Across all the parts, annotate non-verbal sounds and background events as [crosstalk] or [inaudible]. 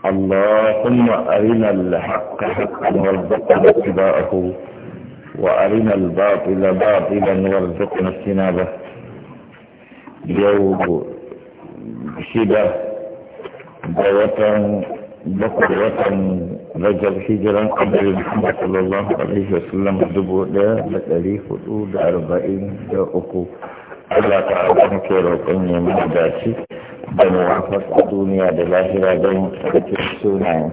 اللهم أرنا الحق حقا وارزقنا اتباعه وأرنا الباطل باطلا وارزقنا اجتنابه يوم شدة دعوة بكر رجل رجب هجرا قبل محمد صلى الله عليه وسلم دبو دا لتاريخ حدود أربعين دا أكو الله تعالى كيرو قنية من داشي da muwafas a duniya da lahira don kake sunayen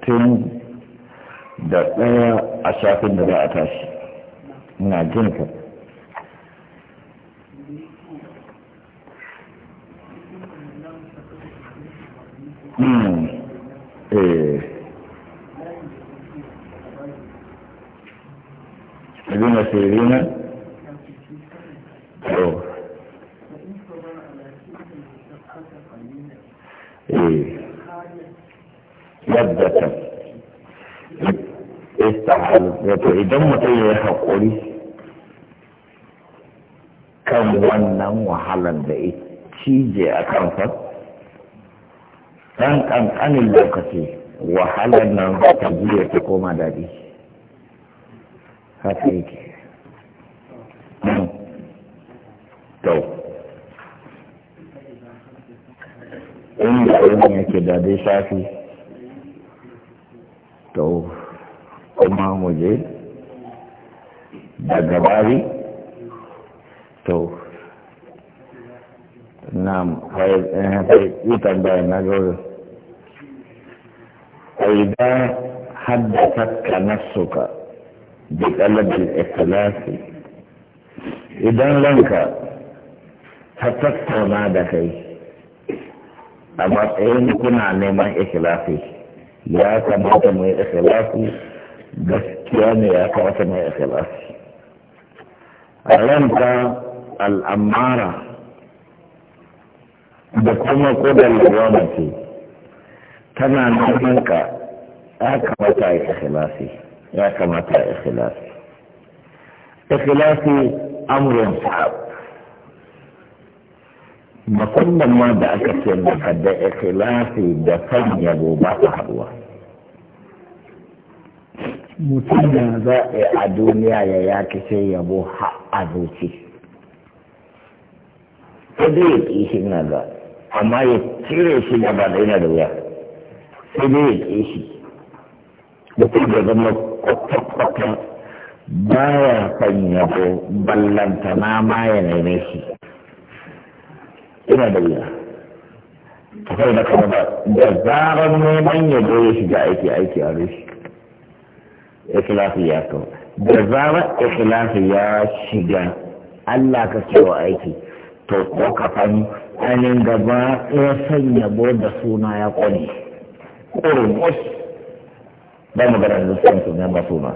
tun da ɗaya a shafin da za a tashi na jin ka Hmm. ibn sirina to yadda istahal wato idan mutum ya haƙuri kan wannan wahalar da ya cije a kansa ɗan ƙanƙanin lokaci wahalar nan ta buɗe ta koma daɗi haka yake hmm. to inda yin yake da dai shafi to kuma mu je daga to eh, na fai ita bayan na gaurin idan haddasa nasuka bi kalabi ikhlasi idan ranka ta tattauna da kai a matsayin kuna neman ikhlasi ya kamata mai ikhlasi gaskiya ne ya kamata mai ikhlasi a ranka al'amara da kuma kudin gwamnati tana neman ka ya kamata a yi ya kamata a yi ikhilasi ikhlasi amurin sa'ab musamman ma da aka ce maka da ikhilasi da san yabo ba ta haduwa mutum da za a a duniya ya yaki sai yabo ha a zuci sai dai ya ƙi shi na da amma ya cire shi gaba da yana da wuya sai dai ya ƙi shi da kuma da zama kwata-kwata ba ya san yabo ballanta na ma ya neme shi ina da wuya ta kai da kama da zarar neman yabo ya shiga aiki aiki a rushe ikhlasi ya kawo da zarar ikhlasi ya shiga Allah ka ce wa aiki to ko kafan anin gaba ya sanya yabo da suna ya ƙone. ƙurmus ba mu gara zuciyan su ne masu ma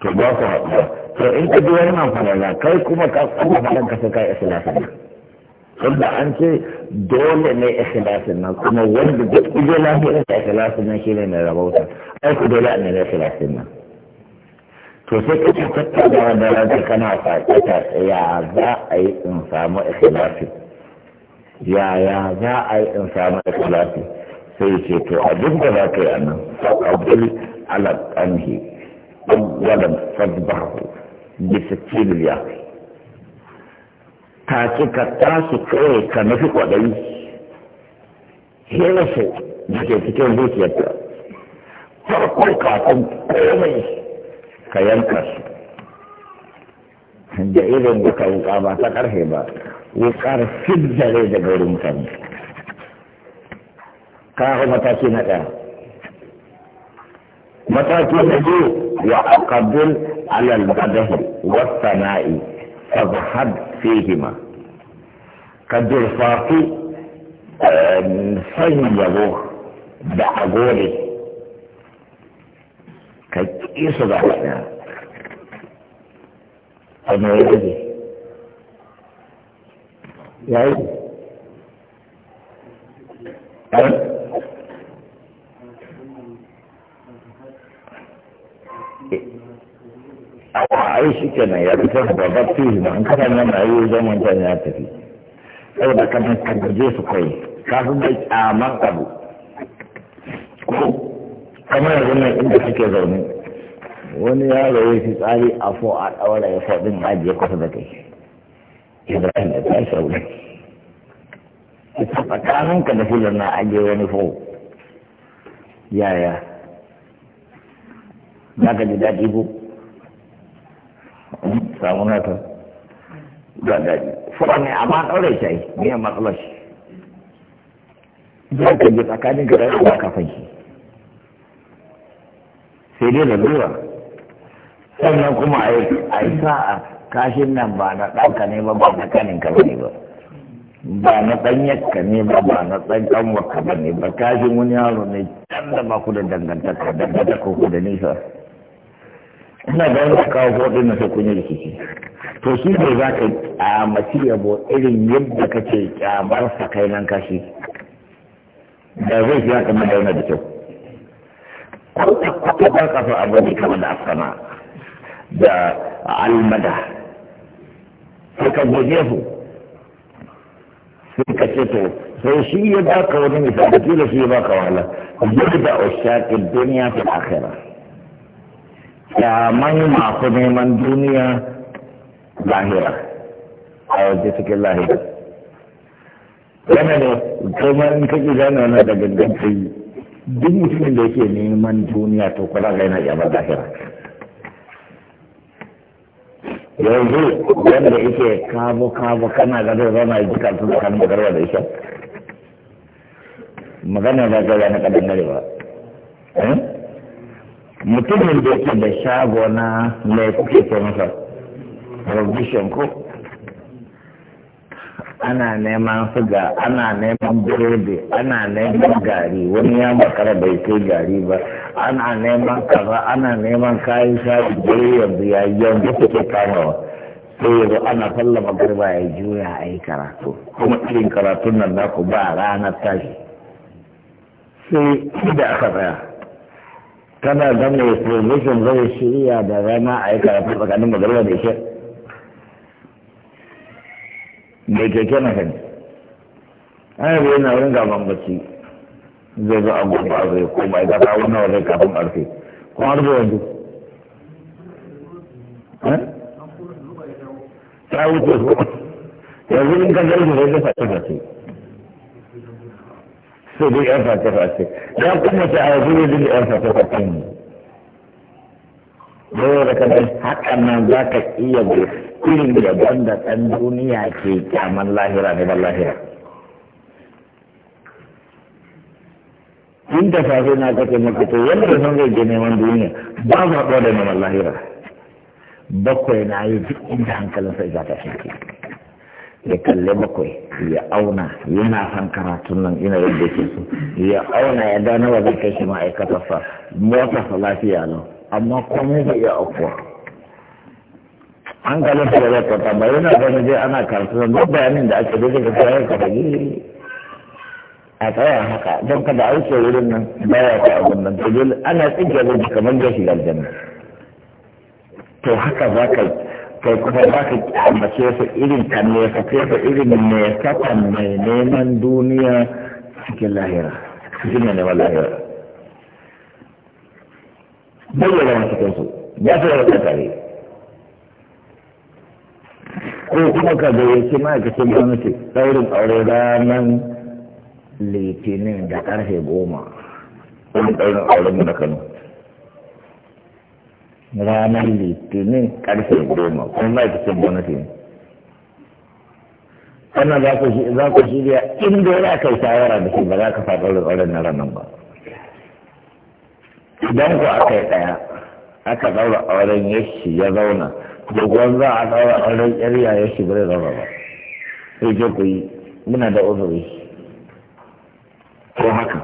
to ba ku haɗuwa to in ka ji wannan falala kai kuma ka kuma faɗan ka sai ka ikhlasin nan an ce dole ne ikhlasin nan kuma wanda duk ije lafiyar ka ikhlasin nan shine mai rabauta ai ku dole ne ikhlasin nan to sai ka ce tattaunawa da ranta kana faɗa ya za a yi in samu ikhlasin yaya za a yi in samu ikhlasin sai ce to abin da za ka yi anan abdul ala anhi awwalan fadbahu bi sakinil yaqi ta ce ka tashi kawai ka nufi kwaɗayi hera su da ke cikin zuciyarta farkon kafin komai ka yanka su da irin da ka wuka ba ta ƙarfe ba wukar fidda rai daga wurin mutane kawo mataki na ɗaya mataki na biyu wa aqabul alal badahi wa sana'i fazhad fihima ka durfafi son yabo da agode ka ƙi su ga ɗaya a mai rage yayi awa ai shi kenan ya fita da babbar fili an kasan nan a yi zaman ta ya tafi saboda kana ka gaje su kai kafin mai kyaman abu kamar yanzu nan inda suke zaune wani yaro ya fi tsari a fo a ɗaura ya faɗin ajiye kusa da kai ibrahim ya tashi wuri ita tsakaninka da filin na ajiye wani fo yaya za ka ji daɗi ko samu na ta ga daji fura ne amma ɗaure shi ai ne a matsalar shi za ka ji tsakanin ka da kafan shi sai dai da lura sannan kuma a yi sa'a kashin nan ba na ɗanka ne ba ba na kaninka ba ne ba ba na ɗanyarka ne ba ba na ɗan ba ne ba kashin wani yaro ne can da ba ku da dangantaka dangantaka ku da nisa ina ga wani kawo kodin na sai kun yi rikici to shi ne za ka kyamaci bo irin yadda kake kyamar sa kai nan kashi da zai fi haka mai dauna da kyau ko ta kuka ba ka so abu ne kamar da asana da almada sai ka goje su sai ka ce to sai shi ya ka wani misali kila shi ya baka wahala da ushaƙin duniya ta akhirah kyaman masu neman duniya lahira a waje cikin lahira yana da kuma in kaki gane na da gangan kai duk mutumin da yake neman duniya to kula ga yana yabar lahira yanzu wanda yake kabo kabo kana ga zai zama ya ji karfin tsakanin magarwa da isha magana ba ga na kadan ba eh? mutumin da yake da shago na mai kuke ce masa provision ko ana neman suga ana neman burodi ana neman gari wani ya makara bai kai gari ba ana neman kaza ana neman kayan shafi dai yanzu ya yi yanzu kuke kamawa sai yanzu ana sallama garba ya juya a yi karatu kuma irin karatun nan naku ba ranar tashi sai da aka tsaya kana ga mai promotion zai shirya da rana a yi karatu tsakanin magarba da ishe mai ke na kan ana yi yana wurin gaban bacci zai zo a gobe a zai koma ya gata wani wajen kafin arfe kuma arfe yanzu eh? ta wuce su yanzu in ka zai zai zai fashe fashe sai dai yan face-face ya kuma ta a zuri zuri yan face-face ne dole da kadan hakan nan za ka iya bi irin yabon da ɗan duniya ke kyaman lahira ne ban lahira in da safe na kace maka to wanda da san zai je neman duniya ba za ka da neman lahira bakwai na yi duk inda sai za ka shi ya kalli bakwai ya auna yana son karatun nan ina yadda ke so ya auna ya gano wa zai kai shi ma'aikatarsa motarsa lafiya lau amma komai zai iya aukuwa an su da zai kwata ba yana gani je ana karatu nan duk bayanin da ake daga kasa ya kafa yi a tsaya haka don kada auke wurin nan baya ta abin nan ana tsinke da kamar gashi aljanna to haka za ka kai kuma ba ka kyamace su irin ka ne ka kefa irin ne kakan mai neman duniya cikin lahira cikin ne neman lahira bayyana wani cikin su ya fi da tare ko kuma ka gayyaci ma'aikacin gwamnati ɗaurin aure ranar litinin da ƙarfe goma wani ɗaurin aure mu na kano ranar litinin karfe goma kuma cin gwamnati ne sannan za ku shirya inda yana kai shawara da shi ba za ka faɗa tsoron na ranar ba idan ku aka yi ɗaya aka ɗaura auren yashi ya zauna dogon za a ɗaura auren yarya ya shi zai zauna ba sai je ku yi muna da uzuri ko haka.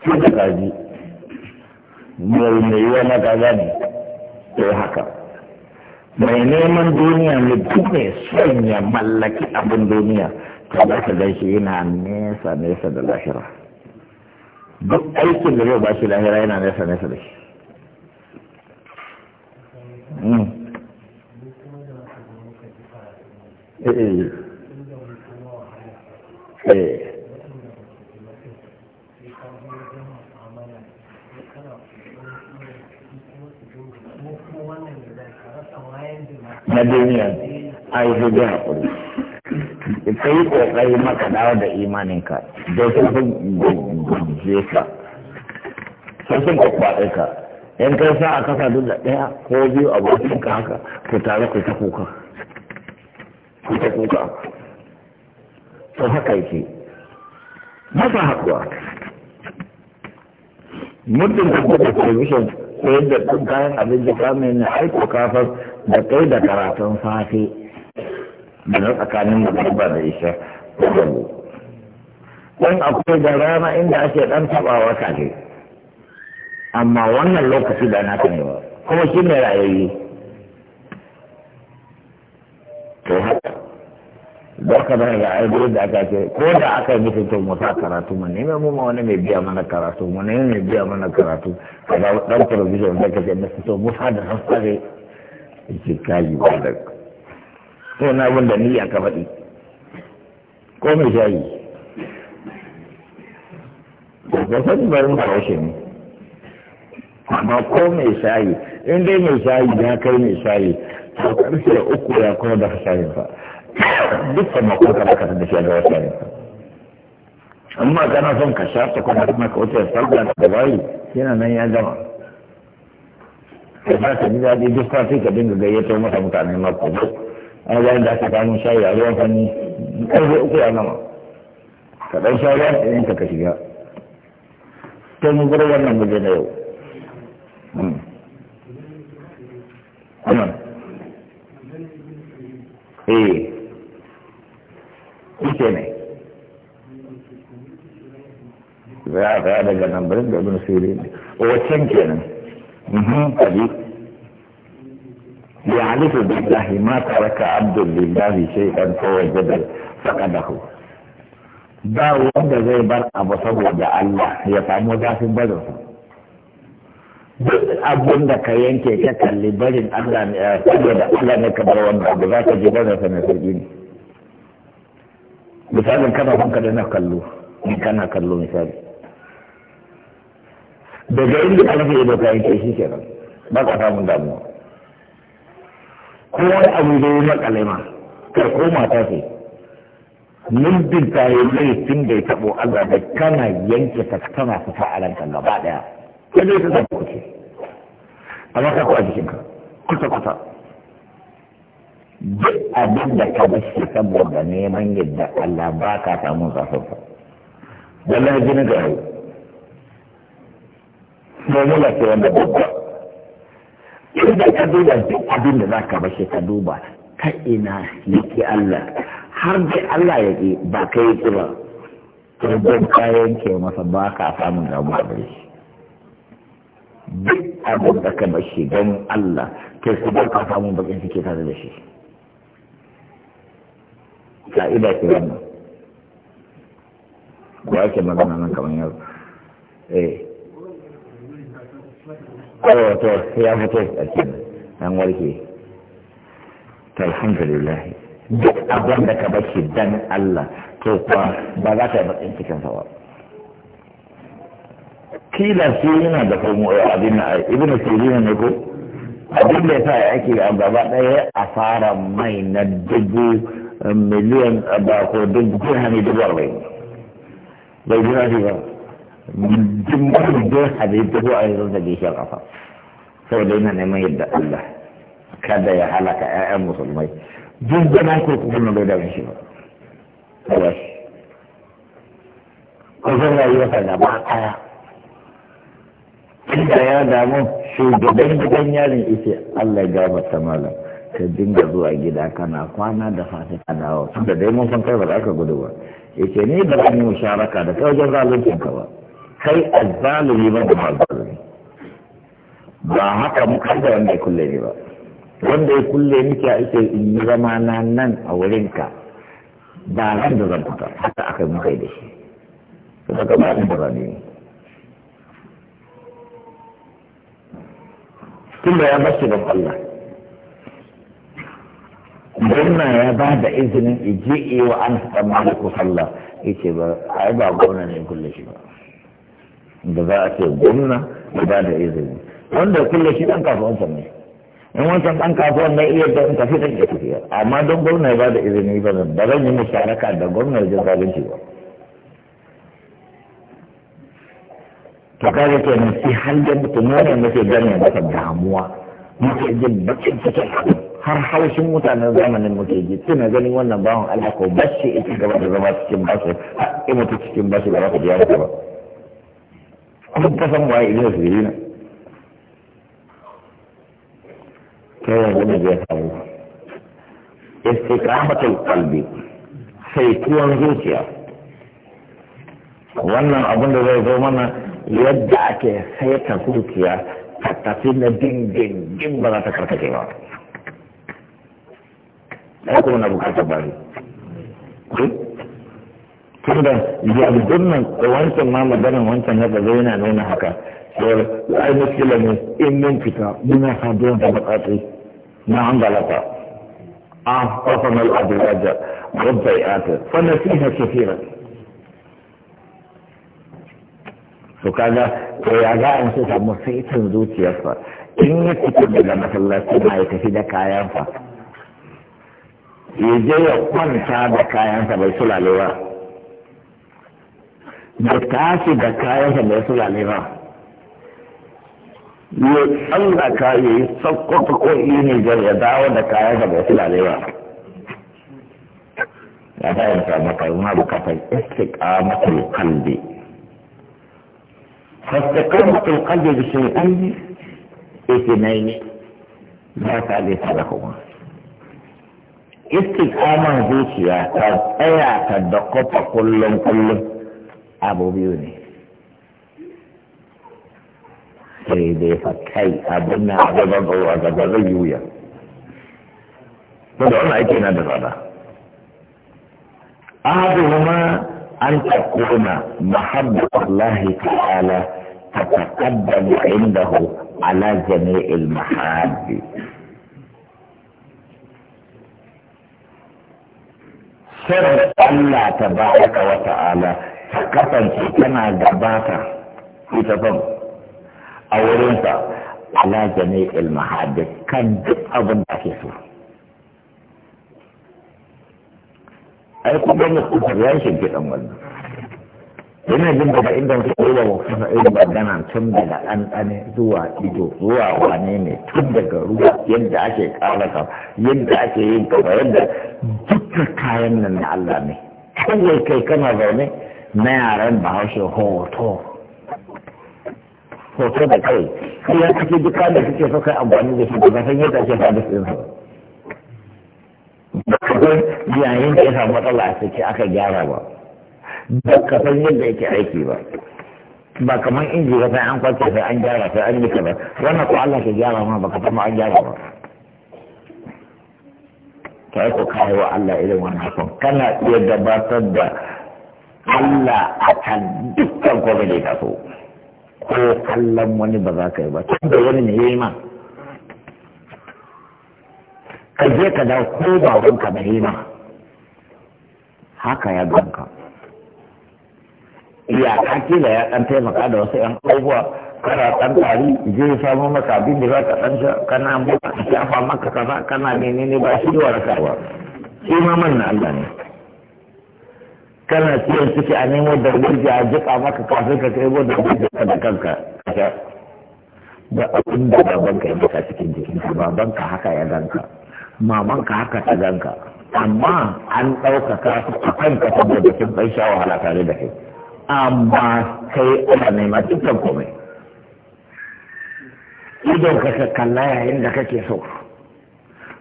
Sai da mai mai yi wani gaza ne sai haka mai neman duniya ne duk mai son ya mallaki abin duniya ta za ka gaishe yana nesa nesa da lahira duk aikin da zai ba shi lahira yana nesa nesa da shi hmm. eh, eh, eh. ai zai da hakuri ka yi kokari maka dawo da imaninka da sun fi guje ka sun sun kwakwaɗe ka yan kai sa a kasa duk da ɗaya ko biyu a abokin ka haka ku tare ku ta kuka ku ta kuka to haka yake masa haƙuwa muddin ka kuka television ko yadda kayan abinci ka mai ne aiko kafar da kai da karatun safe da tsakanin magariba da isha da gabo akwai da rana inda ake dan tabawa kaje amma wannan lokaci da na kan ba kuma shi ne rayayye to haka don da ga aibu da aka ce ko da aka yi mutunta to musa karatu mu ne mu ma wani mai biya mana karatu mu ne mai biya mana karatu ka dan provision da kake ce su fito musa da hasare ki kai ba da sai na abin da niyya ka faɗi ko mai shayi ba sani barin haushe ne amma ko mai shayi in dai mai shayi ya kai mai shayi to karfe uku ya kuma da shayin fa duk da ko ka baka da shayin ga shayin fa amma kana son ka sha ta kuma kuma ka wuce sallah da bayi yana nan ya gama ka ba ka ji daɗi duk sati ka dinga gayyato masa mutane mako an bayan da aka kamun shayi a ruwan fanni ƙarfe uku ya nama ka ɗan sha ruwan ɗin ka ka shiga ta mu bar wannan muje na yau hmm. eh kuke ne za a daga nan barin da ibn sirin waccan kenan mhm, يعرف بالله ما ترك عبد لله شيئا فوجد فقده ba wanda zai bar abu saboda Allah ya samu zafin barin duk abin da ka yanke ka kalli barin Allah ne saboda Allah ne ka bar wanda abu za ka ji barin sa na sauki ne misalin kana kanka da na kallo in kana kallo misali daga inda ka rufe ido ka yanke shi kenan ba ka samun damuwa ko wani abu da ya makale ma kai ko mata ce mun ta yi laifin da ya tabo Allah da kana yanke ta kana fita a ranka gaba daya kai dai ka zaba kuce amma ka kwa jikinka kusa kusa duk abin da ka bashi saboda neman yadda Allah ba ka samu zafafa wallahi jini ga yau mu mula ce wanda babba inda ka duba duk abin da za ka bashe ka duba ta ina yake Allah har da Allah ya ke ba ka yi ki ba don kayan ke masa ba ka samun damuwa da shi duk abin da ka bashe don Allah ke su ba ka samun bakin suke tare da shi ka'ida ke wannan ba ake magana nan kamar yau eh kowa to ya fito a kenan an warke ta alhamdulillah duk abin da ka bashi dan Allah to kuwa ba za ka yi matsayin cikin sa ba kila su yana da kuma abin na ibn sirina ne ko abin da yasa ake a gaba daya a fara mai na dubu miliyan ba ko dubu dirhami dubu arba'in bai gina shi ba jimbar halittu ko a yi zazzage shi a ƙasa da yana neman yadda Allah kada ya halaka 'ya'yan musulmai duk zama kurkuku na bai dame shi ba kawai kusan rayuwarsa gaba ɗaya inda ya damu shugaban gidan yarin ita Allah ya ta malam ka dinga zuwa gida kana kwana da fata ka dawo tunda dai mun san kai ba za ka gudu ba ne da ba zan yi musharaka da kawai wajen zalunci ka ba kai azzalumi ba da azzalumi ba haka muka da wanda ya kulle ni ba wanda ya kulle ni ke ake in yi zama na nan a wurinka ba ran da zan fita haka aka yi muka yi da shi su daga ba da rani ne da ya bashi da kwallon gwamna ya ba da izinin ije iya wa an haɗa maliku sallah ya ce ba ai ba gwamna ne kulle shi ba da za a ce gwamna ba da izini wanda kullum shi kasuwan sa ne in wancan dan kasuwan na iya da tafi da ke tafiya amma don gwamna ya ba da izini ba zan ba zan yi musharaka da gwamna jin zalunci ba to kaga kenan sai har da mutum ne muke gane masa damuwa muke jin bakin cikin har haushin mutanen zamanin muke ji tuna ganin wannan bawan alhako bashi ita gaba da zama cikin basu har mutu cikin basu da baka biya ba duk kasan waye ibn sirina to yanzu ne zai faru istiqamatul qalbi sai tuwon zuciya wannan abin da zai zo mana yadda ake saita zuciya ta tafi na dingin ba za ta karkace ba ai kuma na bukatar bari hmm? tunda yanzu nan wancan ma maganan wancan ya gaza yana nuna haka sai ai muskila ne in mun fita muna saduwa da bukatu na an galata an kwafan al'adiraja rabbai ata fana fiha kafira to kaga to ya ga an so samu saitin zuciyarsa in ya fita daga masallaci ma ya tafi da kayansa ya je ya kwanta da kayansa bai sulalewa da tashi da kayan da ya sulale ba ya tsallaka ya yi ta ko ne jar ya dawo da kayan da ya sulale ba ya ta yin samaka yi ma bukatar istiqamatul qalbi fastiqamatul qalbi bi shay'ain ithnaini la thalitha lahuma istiqaman zuciya ta tsaya ta da kofa kullum kullum abu biyu ne sai dai fa kai abin na a gaban a gaba zai yi wuya da wannan aiki na da tsada ahaduhuma an takuna mahabbu Allah ta'ala tataqaddamu indahu ala jami'il mahabbi sirr Allah tabaraka wa ta'ala kasan kasance tana gabata ita son a wurinsa ala jami'il mahadis kan duk abin da ake so ai kuma mu kuma ya shi gidan wannan yana jin daga inda su koyi da wasu irin magana tun daga ɗanɗane zuwa ido zuwa wane ne tun daga ruwa yadda ake ƙara yadda ake yin kafa yadda duka kayan nan na Allah ne kawai kai kana zaune na yaran bahaushe hoto hoto da kai sai ya kake duka da suke so kai amfani da shi ba zafin yadda ke sabis din su ba yayin da ya samu matsala a ciki aka gyara ba ba ka san yadda yake aiki ba ba kamar inji ba sai an kwace sai an gyara sai an yi kaza wannan ko Allah ke gyara ma ba ka san an gyara ba kai yi ko kayi wa Allah irin wannan kana iya gabatar da Allah a kan dukkan kome da ya so ko kallon wani ba za ka yi ba tun da wani ne ya yi ma ka je ka dawo ko ba wanka ba yi ma haka ya ganka iyaka kila ya ɗan taimaka da wasu yan abubuwa kana ɗan tari je samu maka abin da za ka ɗan sha kana buka shafa maka kaza kana menene ba shi da warkarwa imaman na Allah ne kana siyan ciki a nemo gurji a jika maka kafin ka kai bo gurji ka da kanka da abin da babanka ya maka cikin jikin ka babanka haka ya ganka ka haka ta ganka amma an ɗaukaka su a kanka saboda kin bai sha wahala tare da kai amma kai ana nema dukkan komai idon ka ka kalla yayin da kake so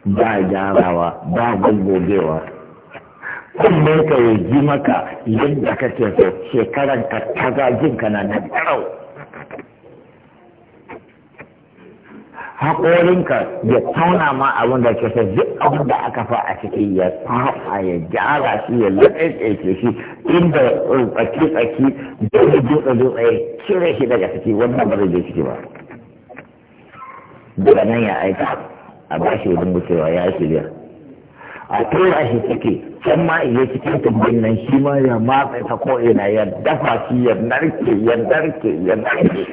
ba gyarawa ba gogogewa kullum ka ya ji maka yadda ka so shekaran ka ta jin ka na nan karau haƙorinka ya tauna ma abin da ke duk abin da aka fa a ciki ya tafa ya gyara shi ya ke shi inda tsaki tsaki da ya dutse dutse ya cire shi daga ciki wannan ba zai ciki ba daga nan ya aika a bashi wurin wucewa ya shirya a tura shi suke can ma iya cikin tumbin nan shi ma ya matsa ta ko ina ya dafa shi ya narke ya narke ya narke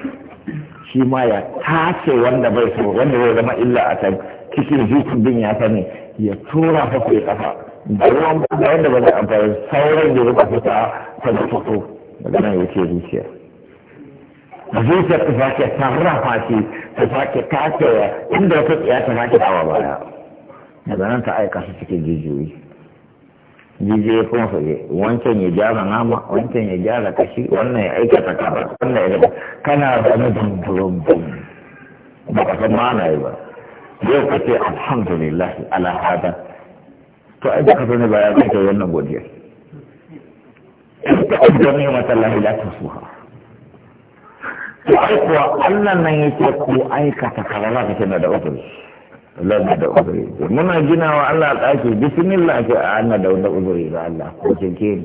shi ma ya tace wanda bai so wanda zai zama illa a can cikin zuciyar ya sani ya tura ta ya kafa da ruwan da wanda ba zai amfani sauran da zuka fita ta da fito daga nan yake zuciya zuciya ta sake sarrafa shi ta sake tacewa inda ta tsaya ta sake dawa baya daga nan ta aika su cikin jijiyoyi jijiyoyi kuma su je wancan ya gyara nama wancan ya gyara kashi wannan ya aikata kara wannan ya gaba kana zama dumburum dum ba ka san mana yi ba yau ka ce alhamdulillah ala hada to ai baka ne ba ya kai wannan godiya ta ajiyar matallahi la suha to ai kuwa Allah nan yake ku aikata kara za ka ce na da uzuri lalla da uzuri muna gina wa Allah tsaki bismillah ce a anna da wanda uzuri ga Allah ko cinke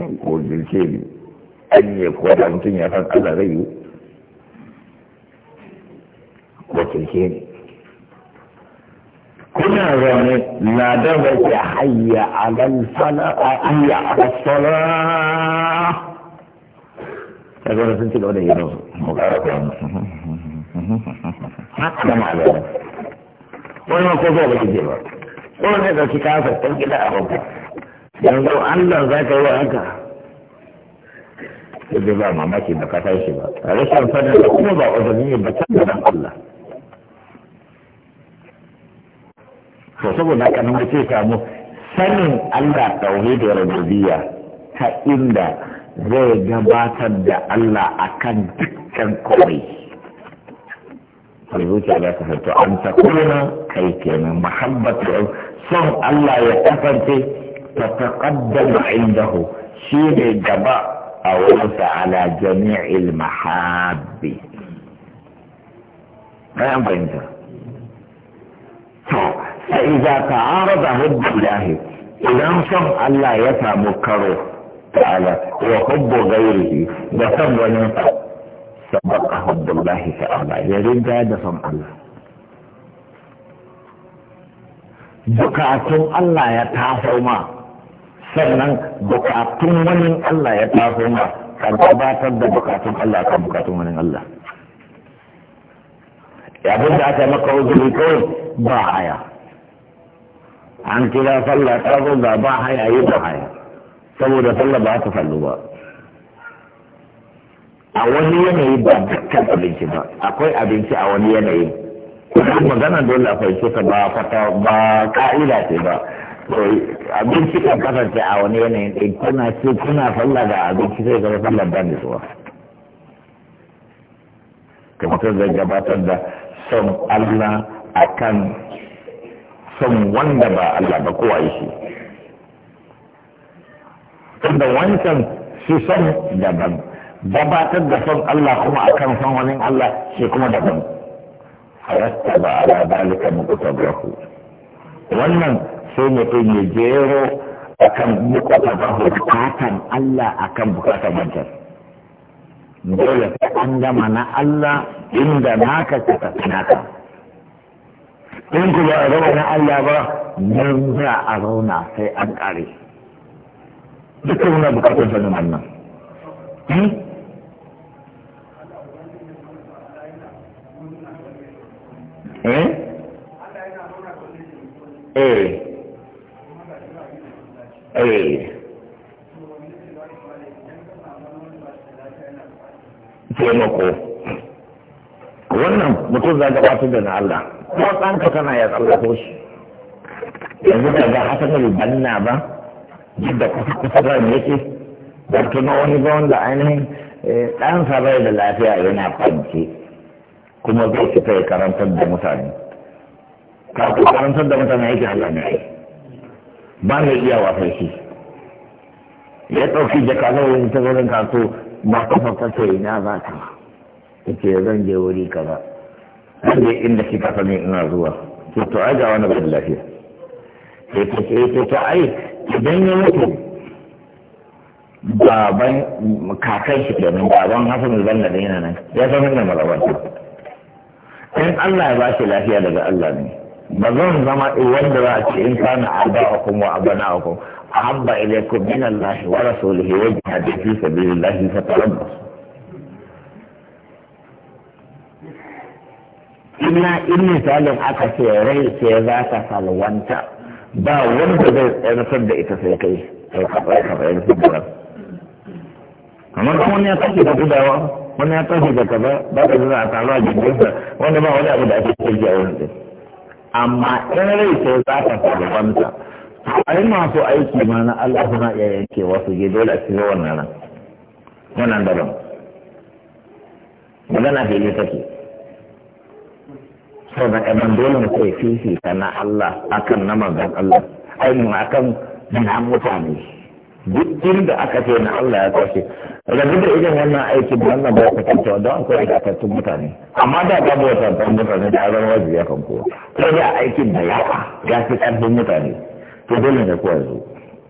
ni ko ni an yi ko da mutum ya san Allah zai yi ko ni kuna zaune ladan da ke hayya alal fala hayya alal fala kaga sun ci gaba da yi mu da malamai wani ma ko zuwa ba kike ba ne gida a babu yanzu Allah za ka yi haka ba mamaki ba ka shi ba a rashin sanin da kuma ba uzuri ne ba can da Allah to saboda haka nan mutum samu sanin Allah tauhid da rububiyya ta inda zai gabatar da Allah akan dukkan komai to zuciya za ta fito an ta kuna kai kenan mahabbatu son Allah ya kasance ta taqaddama indahu shi ne gaba a wurinsa ala jami'il mahabbi bayan fahimta to sai za ka arada hubbullahi idan son Allah ya samu karo ta'ala wa hubbu gairihi da son wani sabaqahu hizbullahi ta'ala ya riga da san Allah bukatun Allah ya taso ma sannan bukatun wani Allah ya taso ma kan gabatar da bukatun Allah kan bukatun wani Allah bin da aka maka uzuri kawai ba haya an kira sallah ta zo ba haya yi ba haya saboda sallah ba ta fallu ba a wani yanayi ba dukkan abinci ba akwai abinci a wani yanayi kuma magana dole a fahimci ta ba fata ba ka'ida ce ba abinci kan kasance a wani yanayin ɗin kuna ce kuna falla da abinci zai zama sallar ban da tsuwa kamar zai gabatar da son Allah akan son wanda ba Allah ba kowa shi tunda wancan su son daban gabatar da son Allah kuma akan son wani Allah shi kuma daban harasta ba ala dalika muqtabahu wannan sai kai ya jero akan muqtabahu bukatan Allah akan bukatan wancan dole sai an gama na Allah inda naka ka tafi naka in ku ba a zama na Allah ba nan za a zauna sai an kare dukkan wani bukatun sanin wannan hmm? eh eh eh taimako wannan mutum za gabatar da na Allah ko ɗanka kana ya tsallako shi yanzu ka ga haka ne banna ba yadda kusa kusa da yake da tuno wani ba wanda ainihin ɗansa bai da lafiya yana kwanci kuma zai fita ya karantar da mutane kafin karantar da mutane yake haka ne ba ya iya wasan shi ya ɗauki jaka zai yi ta wurin kaso ba ta fafasa ina za ta ta ce zan je wuri kaza zan je inda shi kasa ne ina zuwa to to ai ga wani bai lafiya sai ta ce ta ai idan ya mutu baban kakan shi kenan baban hasan zanna da yana nan ya san wannan malabar in Allah ya bashi lafiya daga Allah ne ba zan zama wanda za a ce in kana aba'akum wa abana'akum ahabba ilaykum min Allah wa rasulihi wa jihadin fi sabilillah fatarabbasu illa in misalin aka ce rai ce za ta salwanta ba wanda zai tsayar da ita sai kai sai ka tsayar da ita amma kuma wani ya tashi da gudawa wani ya tashi da kaza ba da za a taru a gindinsa wanda ba wani abu da ake kirki a amma in sai za ka sababanta ai masu aiki ma na Allah suna iya yanke wasu je dole a cikin wannan ran wannan daban magana fili take sau da kaman dole mu kai fifita na Allah akan na manzon Allah ai mu akan na mutane duk da aka ce na Allah ya kwashe jirgin da irin wannan aikin wannan ba ka kanta don an koyi gatattun mutane amma da ba wata ban mutane da azan wajen ya kan kowa ko da aikin da ba ya fi karfin mutane to dole ne kowa zo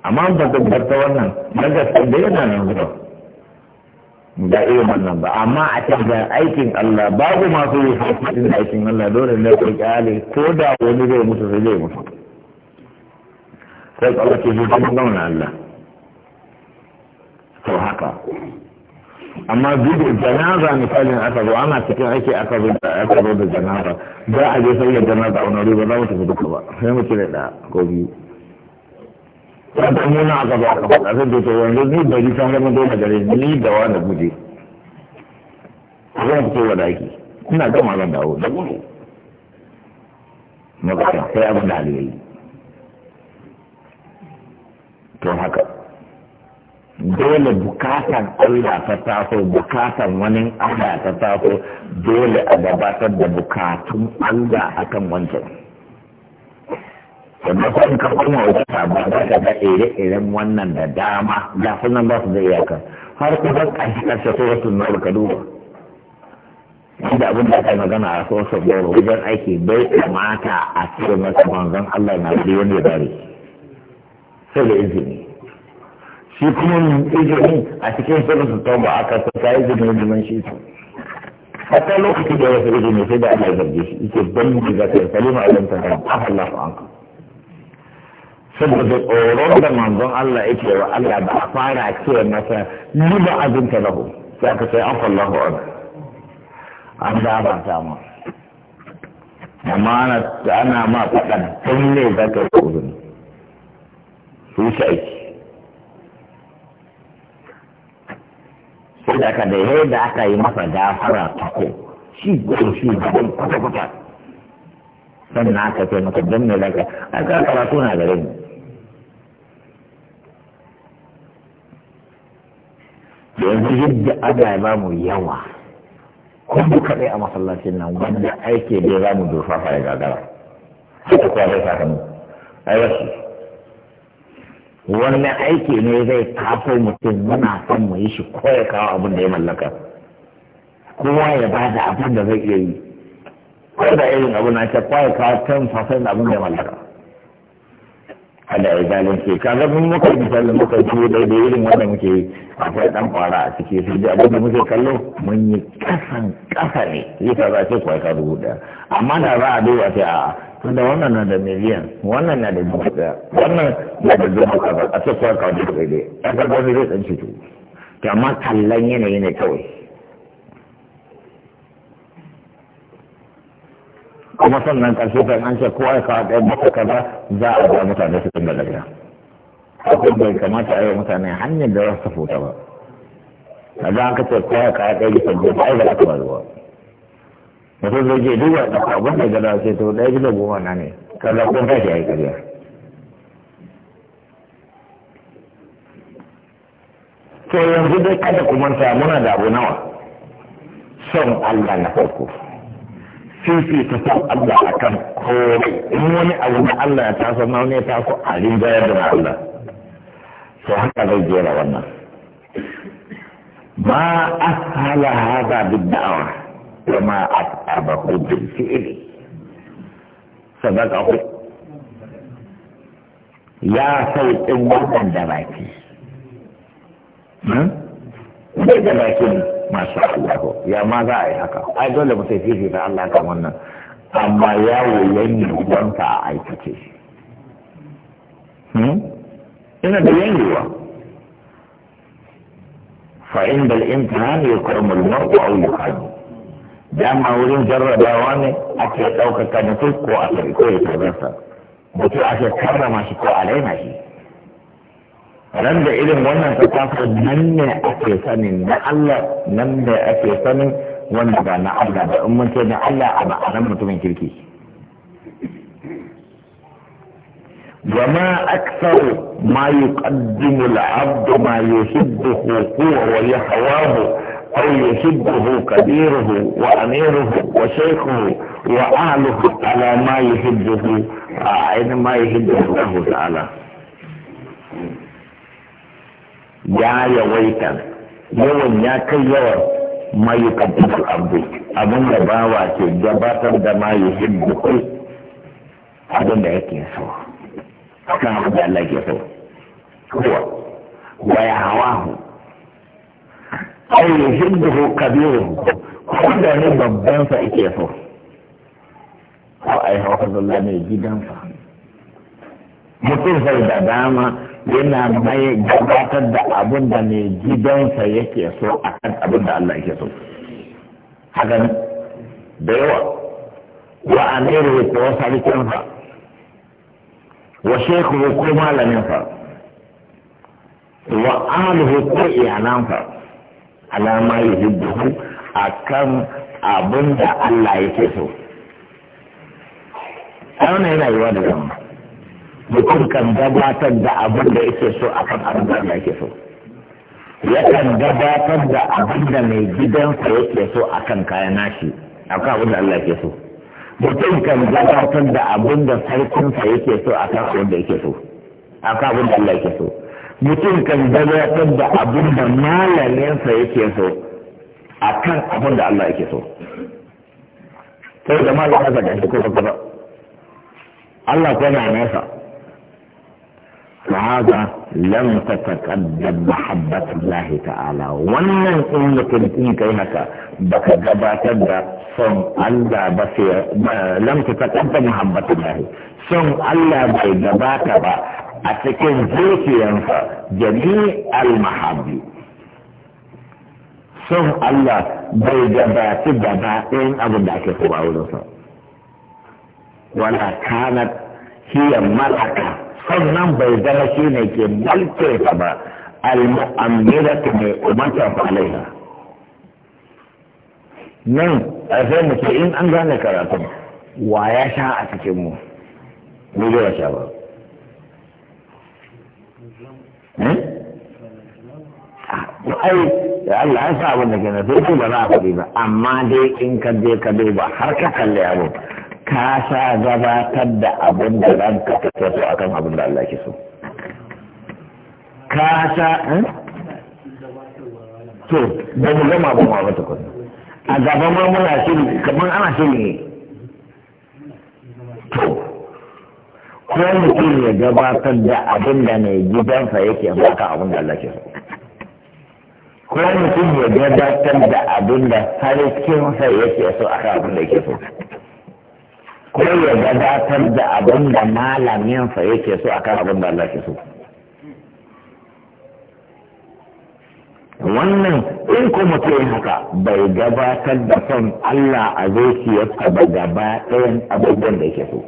amma ba da barta wannan na gaskiya da yana nan zuwa da iya wannan ba amma a can da aikin Allah babu masu yi hakikin aikin Allah dole ne ku kyale ko da wani zai mutu sai zai mutu sai Allah ke shi kuma Allah to haka amma gudu janaza misalin aka zo ana cikin aiki aka zo da aka zo da janaza za a je sai janaza a wani ba za mu tafi duka ba sai mu cire da gobi biyu wanda nuna aka zo aka faɗa sai da wanzu wanda ni da jikan zama dole gare ni da wani guje zan fito wa daki ina gama zan dawo da gudu na kusa sai abin da halayi to haka dole bukatan Allah ta taso bukatan wani Allah ta taso dole a gabatar da bukatun Allah akan wancan sannan kuma ka kuma wata ba za ka ga ire-iren wannan da dama da sunan ba su da iyaka har ƙashi ƙarshe ƙarshe wasu na ka duba inda abin da aka magana a sosa goro wajen aiki bai kamata a cikin masu manzon Allah na biyu wani dare sai da izini shi kuma izini a cikin sirrin tauba aka saka da liman shi su hatta lokacin da wasu izini sai da Allah ya zarge shi yake ban mu da kai kalima alim ta kan Allah fa anka saboda tsoron da manzon Allah yake wa Allah ba a fara ce masa ni ba azinta lahu sai aka sai an fallahu an an da ba ta ma amma ana ma faɗan tun ne zaka uzuri su shi aiki da aka da da aka yi masa gafara ta shi gudun shi gudun kwata-kwata sannan aka ce maka don ne daga a ka karatu da rai da yanzu yadda aga ba mu yawa kuma kaɗai a masallacin nan wanda aiki bai za mu durfafa ya gagara haka kuwa zai sakamu ai wani aiki ne zai kafo mutum muna son mu yi shi ko ya kawo abin da ya mallaka kowa ya ba da abin da zai iya yi ko da irin abu na ce ko ya kawo 10% abin da ya mallaka kada ya zalunce kaga mun muka yi misalin muka yi da daidai irin wanda muke akwai dan kwara a cikin su da abin da muke kallo mun yi kasan kasa ne yi ta ce kuwa ka dubu daya amma da za a duba ta a da wannan na da miliyan wannan na da dubu da, wannan na da dubu kaza a ce kuwa ka dubu daidai a ga wani zai dan to amma kallon yanayi ne kawai kuma sannan karshe kan an ce kowa ya kawo ɗaya baka kaza za a ga mutane su dinga daga akwai bai kamata a yi mutane hanyar da za su fita ba kaga an kace kowa ya kawo ɗaya bisa goma ai ba aka ba zuwa mutum zai je duba da abin da gada sai to ɗaya bisa goma na ne kaza kun shi a yi karya to yanzu dai kada ku manta muna da abu nawa son Allah na farko fifita ta Allah a kan komai in wani abu na Allah ya taso na wani ya taso a rinjayar da Allah to haka zai jera wannan ma haza hada bid'awa wa ma asabahu bil fi'li ya sauƙin wannan da baki hmm? da baki ne masha Allah ya ma za a yi haka ai dole mu sai da Allah kan wannan amma yawo yanyi wanka a aikace hmm? ina da yanyewa fa inda al-imtihan yukramu al-mar'u aw yuqadu dama wurin jarrabawa ne ake ɗaukaka mutum ko a ko ya tabarsa mutum ake karrama shi ko a raina shi ran da irin wannan fasafar nan ne ake sanin na Allah nan da ake sanin wanda ba na Allah ba in mun ce na Allah a ma'anar mutumin kirki وما أكثر ما يقدم العبد ما يحبه هو ويهواه أو يحبه كبيره وأميره وشيخه وأهله على ما يحبه عين ما يحبه الله تعالى ya yawaita yawan ya kai yawan ma yi abu abin da bawa ke gabatar da ma yi hibbu kai abin da yake so kan abin da Allah ke so kuwa wa ya hawahu au yi hibbu kabiru da ne babbansa yake so ko ai hawa zulla mai gidansa mutum sai da dama yana mai gabatar da abin da mai gidansa yake so a kan abin da Allah yake so hakan da yawa wa amiru da wasu alikinsa wa shekuru ko malaminsa wa amalu ko fa, alama yi hibbu a kan abin da Allah yake so. Auna yana yiwa da zama. mutum kan gabatar da abin da yake so a kan abin da yake so yakan gabatar da abin da mai gidansa yake so a kan kayan nashi a kan abin da Allah yake so mutum kan gabatar da abin da sarkinsa yake so a kan abin da yake so a kan abin da Allah yake so mutum kan gabatar da abin da malaminsa yake so a kan abin da Allah yake so sai da malamin sa ga shi ko ba Allah ko na nesa فهذا لم تتقدم محبة الله تعالى ومن انك تنتين كينك بك جباتك سن الله بسير لم تتقدم محبة الله سن الله بي جباتك اتكن زوتي انك جميع المحبة سن الله بي جباتك بائن ابن داك خباه ولا كانت هي ملكه sannan bai zama shi ne ke balce ta ba al-mu'ammira ta mai umarta fa alaiha nan a sai mu in an gane karatun wa ya sha a cikin mu mu sha ba hmm? ai da Allah ya sa abin da ke na sai ba za a faɗi ba amma dai in ka je ka duba har ka kalli abu ka sa gabatar da abin da ka fito so akan abin da Allah ke so ka sa eh? to da mu gama abin wa wata kuma a gaba ma muna shiri kamar ana shiri ne to ko mutum ya gabatar da abin da mai gidansa yake baka abin da Allah ke so ko mutum ya gabatar da abin da sarkinsa yake so akan abin da yake so ko ya gabatar da abin da malaminsa yake so akan abin da Allah ke so wannan in ko mutum haka bai gabatar da son Allah a zuciyarsa ba gaba ɗayan abubuwan da yake so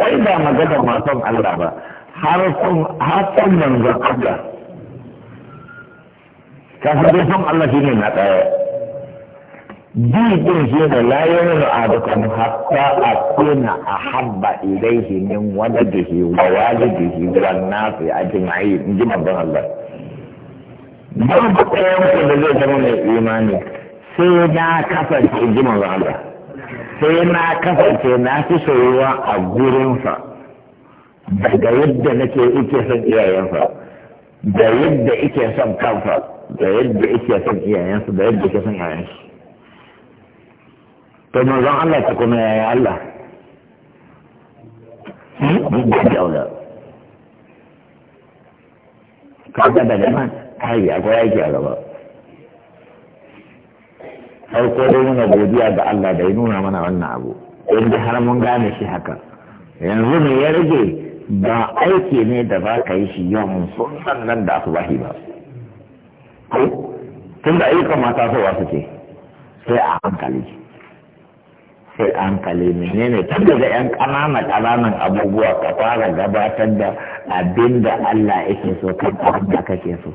kai ba magana ma son Allah ba har son har son manzon Allah ka san son Allah shine na ɗaya bibin shi ne la yawon abukan hatta a kuna a habba ilaihi min shi wa shi wa nafi a jima'i in ji mabban Allah babu ɗayan ku da zai zama mai imani sai na kasance in ji mabban Allah sai na kasance na fi soyuwa a gurinsa daga yadda nake ike son iyayensa da yadda ike son kansa da yadda ike son iyayensa da yadda ike son iyayensa to manzon Allah ta kuma yaya Allah ba da ai akwai aiki a gaba farko dai godiya ga Allah da ya nuna mana wannan abu inda har mun gane shi haka yanzu ne ya rage ba aiki ne da ba ka yi shi sun san nan da asubahi ba tun da ayyukan mata sowa suke sai a hankali sai an kale ne tun daga yan ƙanana ƙananan abubuwa ka fara gabatar da abin da Allah yake so kan abin da kake so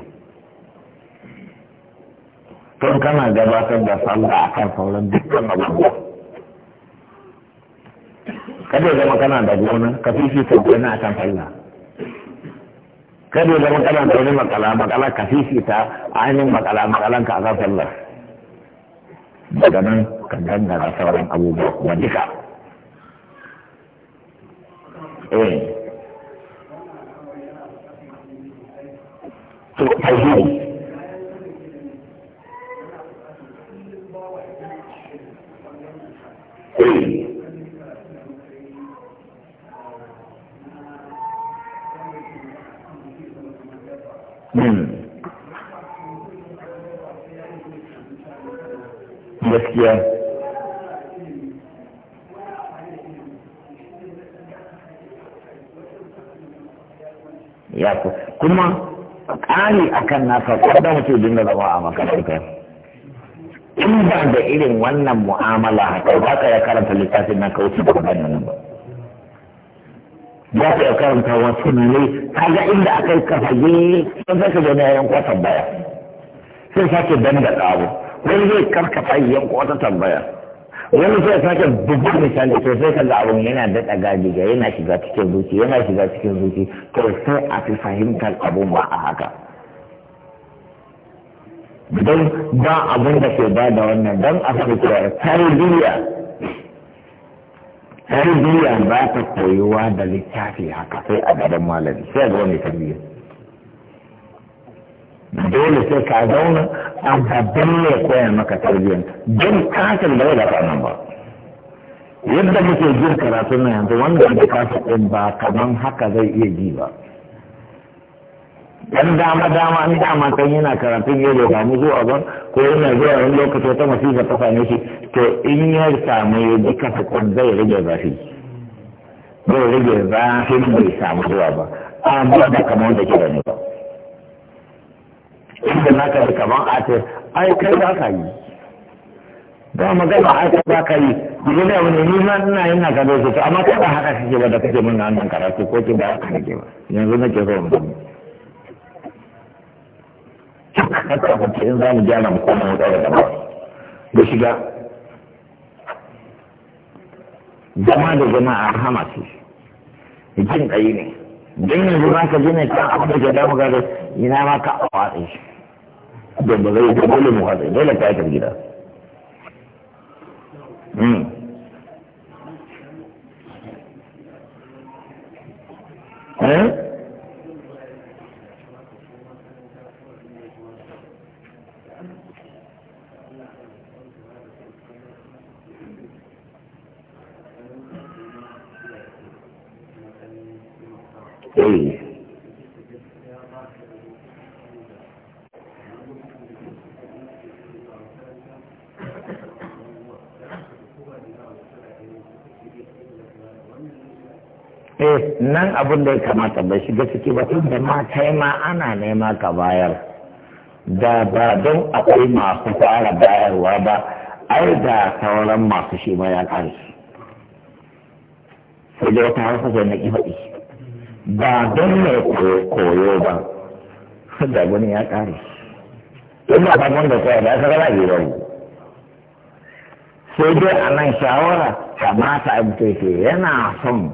tun kana gabatar da sallah akan sauran dukkan abubuwa kada zama kana da gona ka fifita gona kan sallah kada zama kana da wani makala makala ka ta ainihin makala makalan ka kan sallah daga nan ka dangana sauran abubuwa kuma duka eh ya ku kuma ƙari kan nasa mutu mutum da zama a makarantar in ba da irin wannan mu'amala haka ba ka ya karanta littafin na ka wuce da nan ba za ka ya karanta wasu ne ga inda aka yi ne sun zaka zaune yayin kwatan baya sai sake danda ɗawo wani zai karkata yanko ta tambaya wani sai sake bugun misali to sai kaga abun yana daɗa diga yana shiga cikin zuci yana shiga cikin zuci to sai a fi fahimtar abun ba a haka don ba abun da ke ba da wannan don a fi cewa tarbiyya tarbiyya ba ta koyuwa da littafi haka sai a gaban malami sai a ga wani tarbiyya dole sai ka zauna a gaban ne koya maka tarbiyyar don kasar da wadata nan ba yadda muke jin karatu na yanzu wanda da kasa ɗin ba kaman haka zai iya ji ba dan dama dama an dama kan yana karatun ya bai zo a ba ko yana zuwa wani lokaci ta masifa ta same shi to in ya samu ya ji kasa zai rage zafi zai rage zafin bai samu zuwa ba amma da kamar da kira ne ba inda na ka kaman a ce ai kai ba ka yi ba magana ai kai za ka yi yanzu ne wani ni ma ina yin haka da su amma kai ba haka kake ba da kake mun nan karatu ko ki ba haka kake ba yanzu nake zo mun haka ce in za mu gyara mu koma mu tsara gaba da shiga zama da jama'a hamasi jin kai ne don yanzu za ka ji ne kan da ke damu ina ma ka a watsi shi da ba zai ta dole mu watsi dole ka gida hmm. Eh. eh. eh nan abin da ya kamata bai shiga ciki ba tun da ma kai ma ana nema ka bayar da ba don akwai masu fara bayarwa ba ai da sauran masu shi ma ya kare sai da wata harfa zai na faɗi ba don mai koyo ba da wani ya kare In ba wanda koya da aka rana biyu sai dai a nan shawara kamata a mutu yana son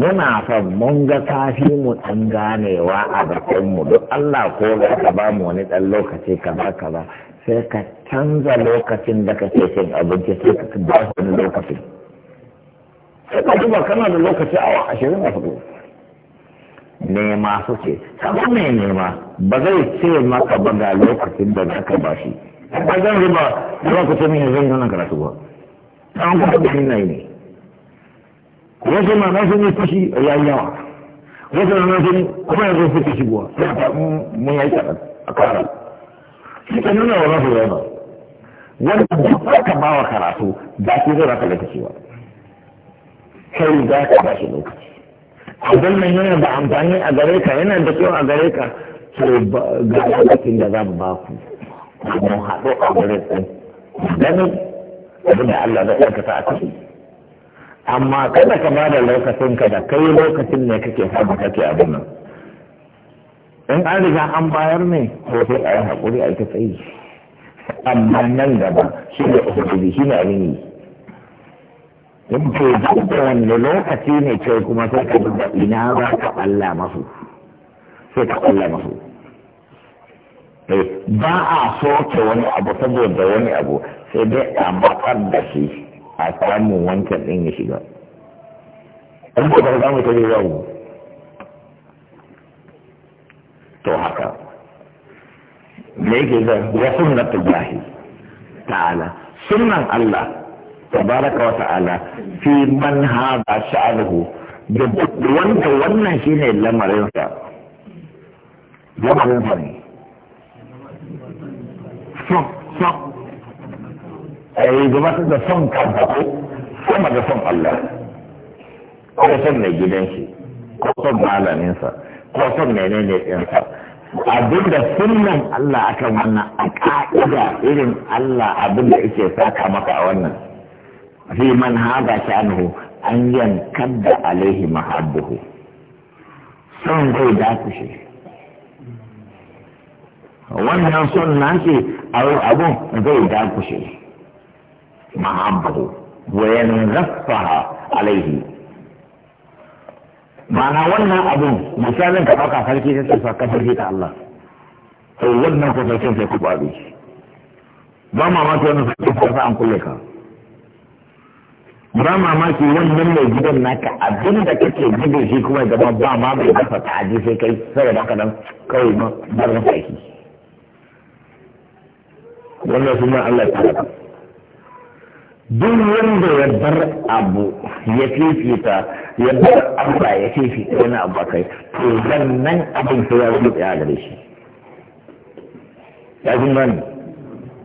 muna son mun ga kafi mu ɗan ganewa a mu duk Allah ko za ka ba mu wani ɗan lokaci kaza kaza sai ka canza lokacin da kake cin abinci sai ka ba wani lokaci sai ka duba kana da lokaci awa ashirin da hudu nema suke kama mai nema ba zai ce maka ba ga lokacin da za ka ba shi ba zan riba lokacin ne zan gana karatu ba an kuma da ne wasu na sun yi fashi ya yi yawa wasu na sun kuma yanzu suke shigowa sai a faɗin mun yi kaɗan a ƙara shi ka nuna wa su yawa wannan da ka ba wa karatu da ke zai raka lokaci ba kai za ka ba shi lokaci a nan yana da amfani a gare ka yana da kyau a gare ka to ga lokacin da za mu ba ku mu haɗu a gare ku ganin abin da Allah zai aikata a ciki amma kada ka ba da ka da kai lokacin ne kake samu kake abin nan in an riga an bayar ne ko sai a yi hakuri a yi ta tsayi amma nan gaba shi ne ubangiji shi ne abin yi in ce duka wanne lokaci ne ce kuma sai ka duba ina za ka ɓalla masu sai ka ɓalla masu eh, ba a soke wani abu saboda wani abu sai dai a matsar da shi a samu wancan ɗin ya shiga an ce ba za mu ta yawo to haka me yake da ya sunna ta jahi ta'ala sunnan Allah tabaraka wa ta'ala fi man hada sha'anuhu da wanda wannan shine lamarinsa lamarinsa ne sok sok ai eh, gabatar da son kanta ko sama da son Allah ko son mai gidan shi ko son malaminsa ko son menene ɗinsa abin da sunan Allah akan wannan a ka'ida irin Allah abin da yake saka maka a wannan fi man haɗa shanuhu an yankar da alaihi mahabbuhu son zai dakushe wannan son nashi abun zai dakushe mahabbahu wa yanzafaha alaihi ma'ana wannan abun misalin ka ɗauka sarki ta ce ka sarki ta Allah to wannan ko sarkin sai ku babu ba mamaki wannan sarki ta sa an kulle ka ba mamaki wannan mai gidan naka abinda kake gudu shi kuma gaba ba ma bai dafa ta aji sai kai sai da nan kawai ma bar na aiki wannan suna Allah ya ta duk wanda ya bar abu ya fifita ya bar Allah ya fifita wani abu kai to zan nan abin sai ya rubuta ya gare shi ya kun gani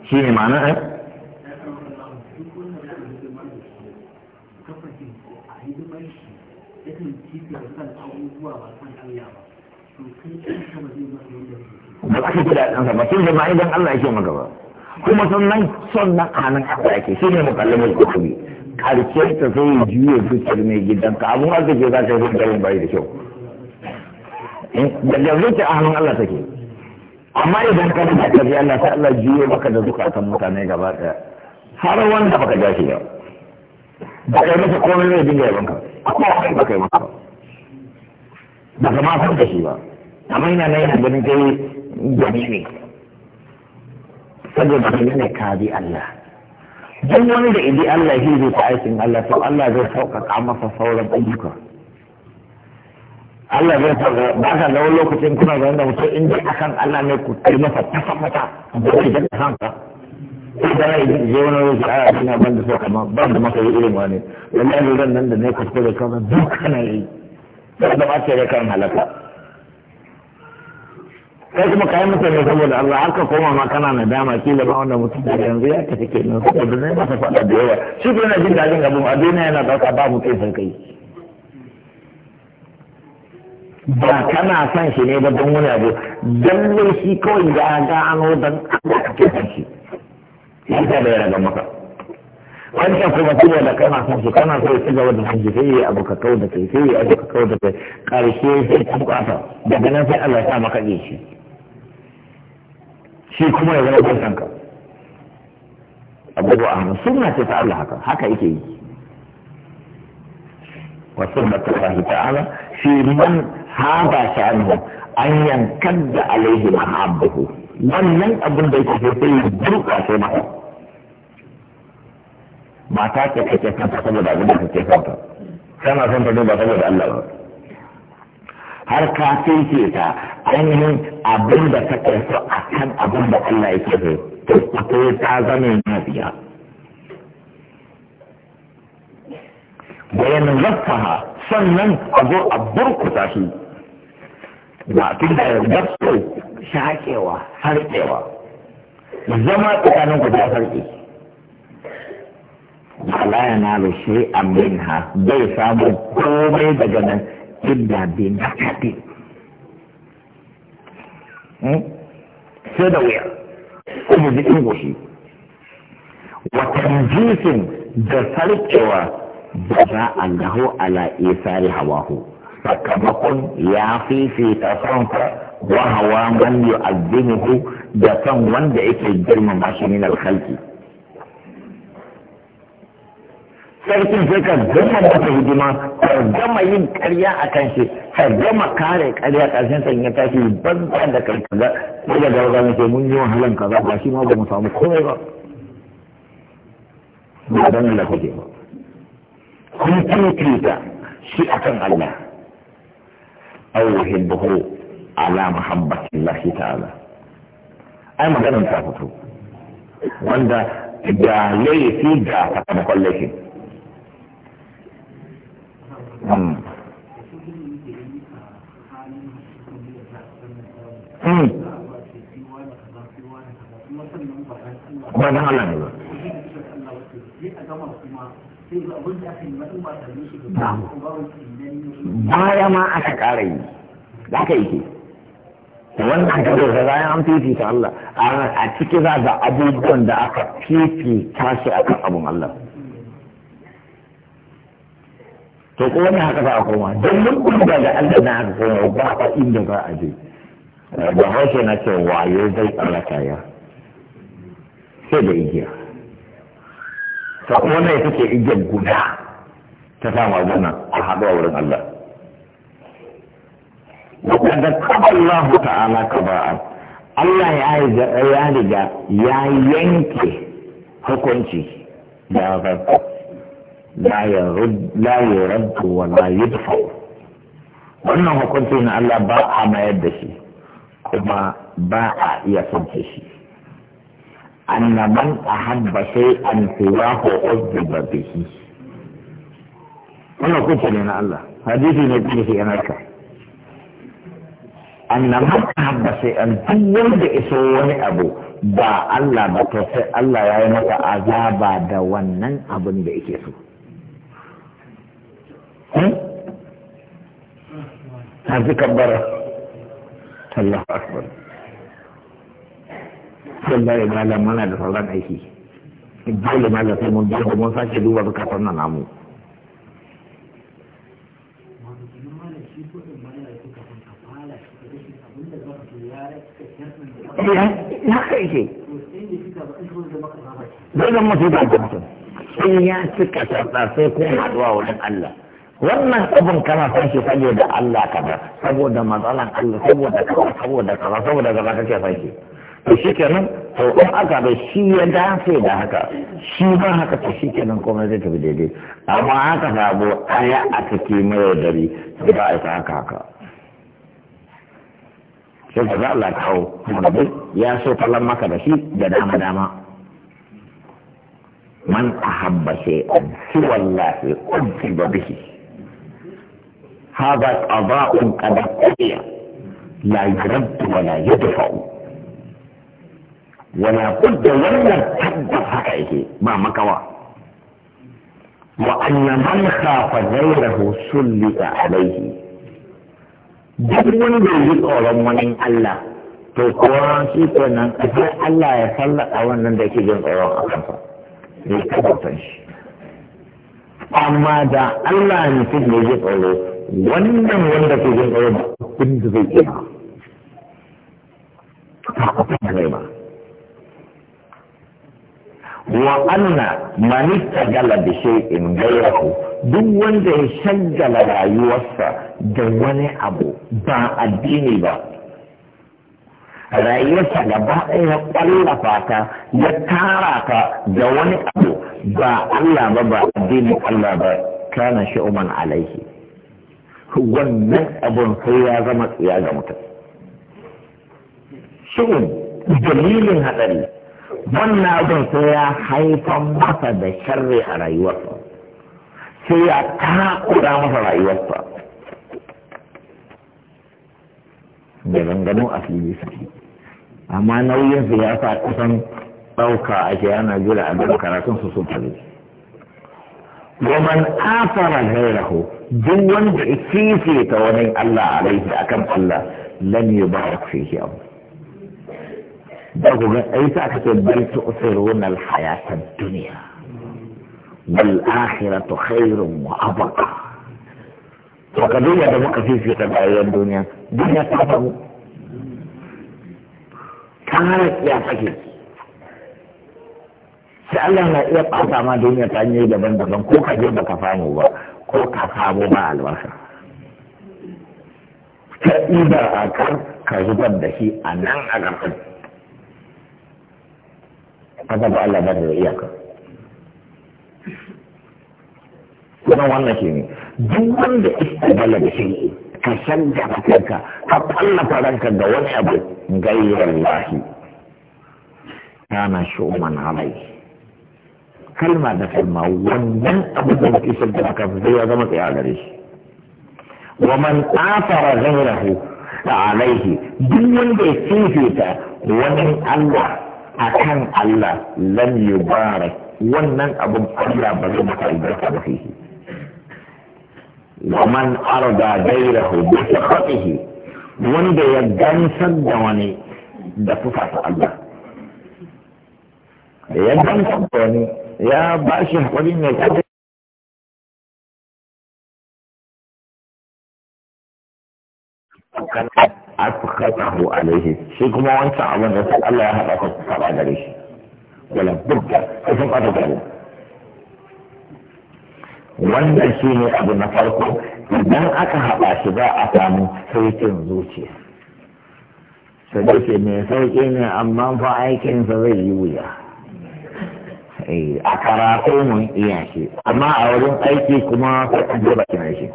shi ne ma'ana ai eh? ba ka kira ɗansa ba sun jama'a idan Allah yake maka ba kuma sannan son anan hannun aka yake shi ne mukallimin kutubi karshen ta sai ya juya zuciyar mai gidanka abun arziki za ka yi garin bai da kyau eh, daga zuciya a hannun Allah take amma idan ka da ka Allah sai Allah juya maka da zukatan mutane gaba daya har wanda baka ja shi ba ba kai masa komai ne dinga yaban ka ko kai ba kai masa ba ka ma san da shi ba amma ina nan yana ganin kai gani ne saboda ne ne ka bi Allah duk wani da idi Allah shi zai ta aikin Allah to Allah zai sauƙaƙa masa sauran ayyuka Allah zai sauka ba ka ga wani lokacin kuna zaune da mutum in dai akan Allah ne ku kai masa tafafata da ku da kanka idan ya je wani lokaci a na ban da so kama ban da masa irin wani wani yanzu zan nan da ne kuskure kama duk kana yi da ba ce da kan halaka kai kuma kayan mutane saboda Allah har ka koma ma kana na dama kila ba wanda mutum da yanzu ya tafi kenan saboda zai masa fada da yawa shi ko yana jin daɗin abin a duniya yana dauka ba mu kai kai ba kana san shi ne ba don wani abu dan ne shi kawai da ga ano dan Allah kake san shi shi ka da yana ga maka kan kuma da kana san shi kana so ci gaba da son shi sai yi abu ka kawo da kai sai yi abu ka kawo da kai karshe sai ka bukata daga nan sai Allah ya sa maka ne shi shi kuma ya zama bautanka abubuwa ahmad suna ce ta Allah haka haka yake yi wasu wa sunnatu Allah ta'ala shi man haba sha'anhu an da alaihi mahabbahu wannan abin da yake sai ya burka sai maka mata ce kake kanta saboda abin da kake kanta kana son ta ne ba saboda Allah ba har ka fice ta ainihin abin da ta so a kan abin da Allah ya so to akwai ta zama nafiya bayan son sannan a zo a burkuta shi ba tun da gafso shaƙewa harƙewa zama tsakanin ku ta harƙe ba la yana da shi a ha, bai samu komai daga nan illa bi nakati hmm? sai da wuya ko mu jikin goshi wa jikin da sarkewa ba za a gaho ala isari hawahu sakamakon ya fifita sanka wa hawa man yu'azzimuhu da kan wanda yake girmama shi min alkhalqi sarkin sai ka gama masa hidima ka gama yin karya a kan shi ka gama kare karya ƙarshen san ya tashi banza da kai kaza ko da gaba ce mun yi wahalan kaza ba shi ma ba mu samu komai ba ba dan da kuke ba kun Kirista shi akan Allah awuhin buhu ala muhabbatin lahi ta'ala ai maganin ta wanda da laifi da sakamakon baya ma aka ƙara yi da aka yi ke wannan karo da bayan an fifita Allah a ciki za abubuwan da aka fifita shi a kan abun Allah to ko wani haka za a koma don mun kuma daga Allah na haka koma ba a inda za a je da eh, hausa na ce wayo zai tsallaka ya sai da igiya ta kuma ne take igiyar guda ta sama wannan a haɗu a wurin Allah da kaba Allah ta'ala kaba'an Allah ya riga ya yanke hukunci da haka la yurad la yurad wa la yudfa wannan hukunci na Allah ba a mayar da shi kuma ba a iya sauke shi anna man ahabba shay'an siwahu da bihi wannan hukunci ne na Allah hadisi ne kuma shi yana ka a man sai an duk wanda iso wani abu ba Allah ba to sai Allah ya yi masa azaba da wannan abin da yake so هذه كبرة الله da aiki dole ma sai mun mun sake duba bukatar nan namu eh, ya ya cika sai kuma haɗuwa wajen Allah wannan abin kana san shi saboda Allah ba saboda matsalan Allah saboda kaza saboda kaza saboda ka kaza kake san shi to shikenan to in aka bai shi ya dace da haka shi ba haka to shikenan komai zai tafi daidai amma haka bo aya a take mai dari ba a haka haka sai ka za Allah kawo ya so kallon maka da shi da dama dama من أحب شيئا سوى الله أذب به هذا قضاء قد قضي لا يرد ولا يدفع ولا بد ولا تبقى حقه ما مكوى وأن من خاف غيره سلط عليه duk wanda ya yi tsoron wani Allah to kuwa shi nan sai Allah ya sallaka wannan da ke jin tsoron a kansa ya shi amma da Allah ne fi ne tsoro wannan wanda ke jin ɗaya ba abin zai iya ba ba wa anna man istagala bi in duk wanda ya shagala rayuwarsa da wani abu ba addini ba rayuwarsa gaba ɗaya ya ƙwallafa ta ya tara ta da wani abu ba Allah ba ba addinin Allah ba kana shi'uman alaihi wannan abun sai ya zama tsiya ga mutum Shin dalilin haɗari wannan abun sai ya haifan masa da sharri a rayuwarsa sai ya takura masa rayuwarsa da a fili suke amma nauyin su ya sa kusan ɗauka ke yana jira a gaba karatun su sun fari. Waman afara gairahu duk wanda ya fifita wani Allah alaihi a kan Allah lam yubarak fihi abu da ku ga ai sa kace bal tu'thiruna al-hayata ad-dunya wal akhiratu khairun wa abqa to ka duba da muka fifita bayan duniya duniya ta samu kare ya sake sai Allah na iya ɓata ma duniya ta hanyoyi daban-daban ko ka je baka famu ba ko ka samu ba albasa ka ɗiba a kan ka zubar da shi a nan a ƙarfin haka ba Allah ba da iyaka kuma wannan shi ne duk wanda bala da shi ka san da kanka ka kalla faranka da wani abu gairar lahi kana shu'uman alaihi kalma da kalma wannan abin da muke shirka a kan zai zama tsaye a gare shi wa man afara ghairahu da alaihi duk wanda ya fifita wannan Allah akan Allah lam yubarak wannan abin Allah ba zai maka albarka ba fihi wa man arda ghairahu bi sakhatihi wanda ya gansar da wani da fufata Allah da ya gansar da wani ya ba shi haƙuri mai ƙarfi kan afkatahu alaihi shi kuma wancan abin da sai Allah ya haɗa ku saba gare shi wala bukka sai sun fata gare Wanda shi ne abu na farko idan aka haɗa shi za a samu sauƙin zuciya sai ce mai sauƙi ne amma fa aikinsa zai yi wuya Eh, a karatu mun iya shi amma a wurin aiki kuma an je baki na shi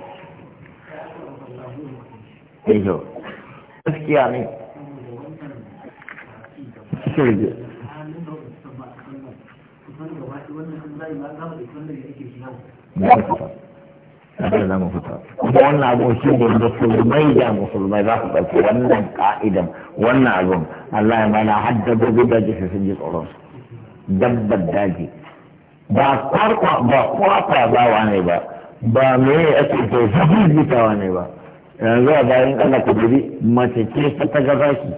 ejo gaskiya ne shirge Kada za wannan abun shi ne musulmai da musulmai za su ɗauki wannan ka'idan wannan abun Allah ya mana hadda gobe da jisa sun ji tsoronsu. dabbar daji ba kwarkwa ba kwata wa ne ba ba me ake to zafi jitawa ne ba yanzu a bayan Allah ku guri mace ce ta ta ga zaki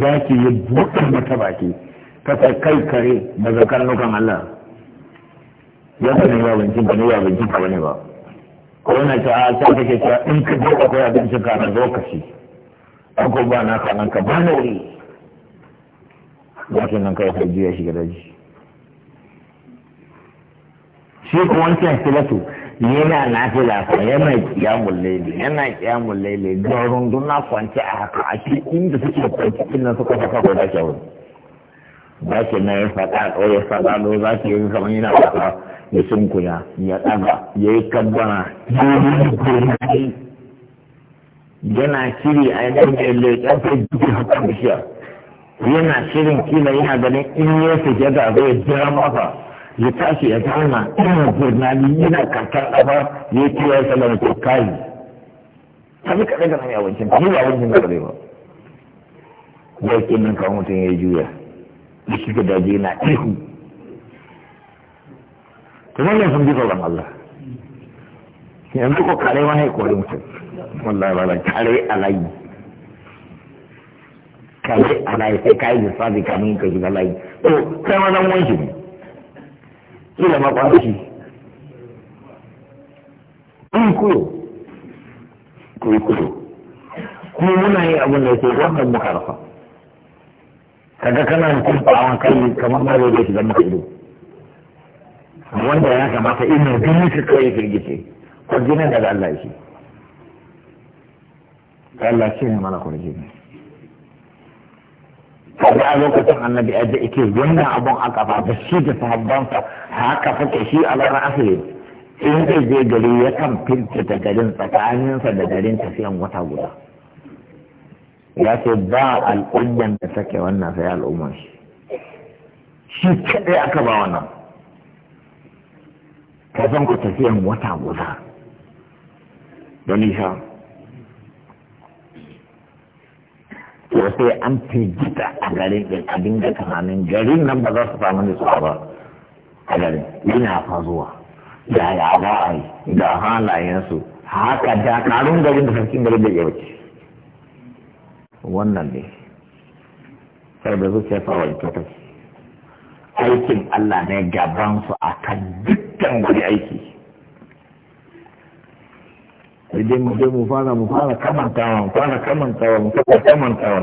zaki ya buɗe mata baki ta sai kai kare da zakar nukan Allah ya ta ne ba bincin ba ne ba bincin ka ne ba ko na ta a ta kake cewa in ka je akwai abincin ka na zo ka shi ako ba na kanan ka ba na wuri zakin nan kai sai juya shiga daji shi ko wancan filatu yana nafila fa yana kiyamul laili yana kiyamul laili da na kwance a haka a shi inda suke kwance kinan suka saka ko da ba ke na ya faɗa ko ya faɗa do zaki yi kamar yana faɗa ya sunkuya ya ɗaga ya yi kabbara yana shiri a yanayin da ya leƙa ta jikin hakan bishiyar yana shirin kila yana ganin in ya da zai jira masa ya tashi ya tana ina gurnani yana karkar ɗafa ya ce ya salama ko kai ka bi kaɗai ga nan ya wancin ka ba wancin ka ba wai nan kawo mutum ya juya ya shiga daji yana ihu ta zama sun bi ban Allah yanzu ko kare ma ya kori mutum wallahi ba kare alayi kaje bi a layi sai ka yi lissafi kamin ka shiga layi to kai ma zan wanki ne kila ma shi in kuyo ku yi kuyo kuma muna yi abin da yake wannan muka rafa kaga kana kumfawan kai kamar ma zai shiga maka ido wanda ya kamata ina gani ka kai firgice kwarjinan daga Allah shi Allah shi ne mana kwarjinan kaga a lokacin annabi a da ike wannan abun aka ba da shi da sahabbansa haka fake shi a ranar asiri in zai je gari ya kan da garin tsakaninsa da garin tafiyan wata guda ya ce ba al'ummar da take wannan sai al'ummar shi shi kaɗai aka ba wannan ka san ku tafiyan wata guda don isa. to sai an firgita a garin ɗin a dinga tunanin garin nan ba za su samu su ba a garin yana fazuwa yaya za a yi da halayensu haka da dakarun garin da sarkin garin da yawanci wannan ne sai da zuciya fara ita ta aikin Allah ne gabansu a kan dukkan wani aiki idan mu je mu fara mu fara kamantawa mu fara kamantawa mu fara kamantawa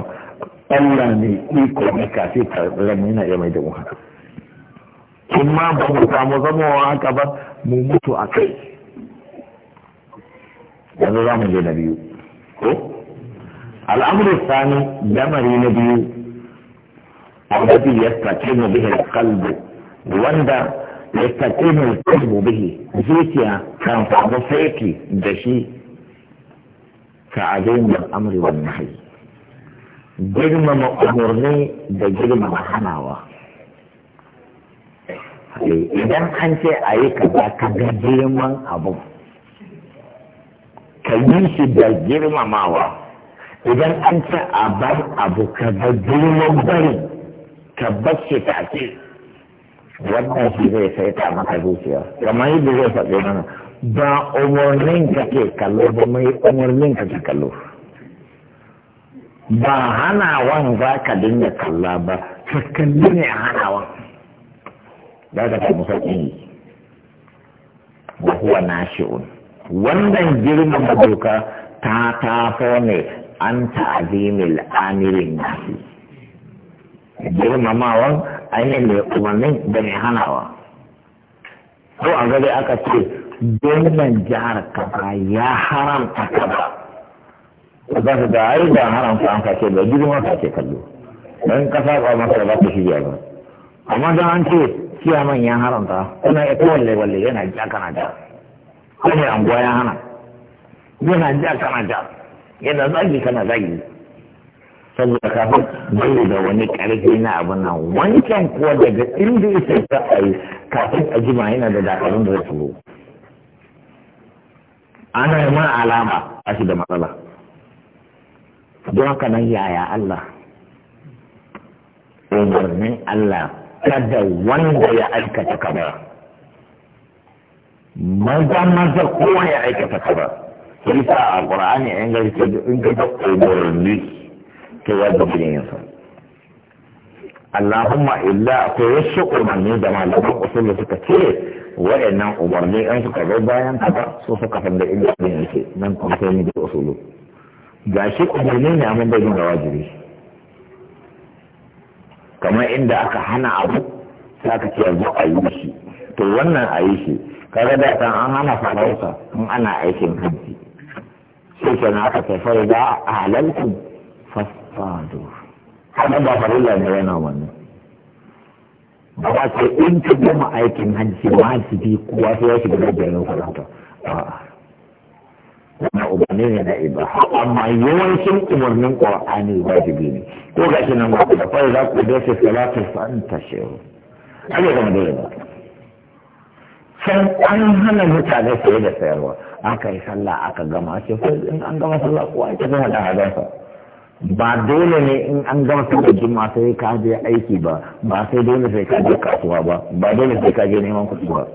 Allah ne iko ne kafi karɓar mu yana iya da mu haka kin ma ba mu samu wa haka ba mu mutu a kai yanzu za mu je na biyu ko al'amuru sani lamari na biyu alladhi yastaqinu bihi al-qalbu wanda yastaqinu al-qalbu bihi zuciya kan samu saiti da shi amri تعليم ma والنهي da مؤمرني ma hanawa. idan an ce a yi kaza ka ga girman abin ka yi shi da girmamawa idan an ce a bar abu ka ga girman bari ka bar shi ta ce wannan shi zai sai ta maka zuciya kamar yadda zai faɗi mana ba umarnin ka ke kallo ba mai umarnin ka ke kallo ba hanawan za ka dinga kalla ba ka kalli ne a hanawan za ka samu sauƙin yi wa huwa nashi'un wannan girman doka ta taso ne an ta'azimil amirin nasi girmamawan ainihin mai umarnin da mai hanawa ko a gari aka ce dainan jihar kafa ya haramta kafa za su ga ai da haramta an sake da girma sake kallo Dan kasa ba masa ba ta shirya ba amma don an ce kiyaman ya haramta Kuma ya kowalle walle yana ja kana ja kuma anguwa ya hana yana ja kana ja yana zagi kana zagi saboda kafin bai da wani karfi na abin nan wancan kuwa daga inda ya sai ta a yi kafin a jima yana da dakarun da zai ana mana alama a shi da matsala don haka nan yaya Allah umarnin Allah kada wanda ya aikata kaza maza maza kowa ya aikata kaza sai sa a qur'ani in ga in ta umarni ta yadda bin yin sa Allahumma illa akwai wasu umarni da malaman usul suka ce wa'annan umarni an suka zo bayan kaza su suka san da inda abin yake nan kuma sai ni da usulu ga shi umarni ne amma bai da wajibi kamar inda aka hana abu sai ka ce yanzu a yi shi to wannan a yi shi kaga da kan an hana farauta in ana aikin hajji sai kenan aka ce farida a halalku fasfado haka ba farilla ne yana wannan ba ce in ka gama aikin hajji wajibi kowa sai ya shiga gajiyar yau farauta na umarni ne na iba amma yawancin umarnin qur'ani wajibi ne ko ga shi nan ba da fara za ku da su salatu fanta shehu ake gama dole ba san an hana mutane saye da sayarwa aka yi sallah aka gama ce in an gama sallah kowa ita zama da hadasa ba dole ne in an gama da juma'a sai ka je aiki ba ba sai dole sai ka je kasuwa ba ba dole sai ka je neman kuɗi ba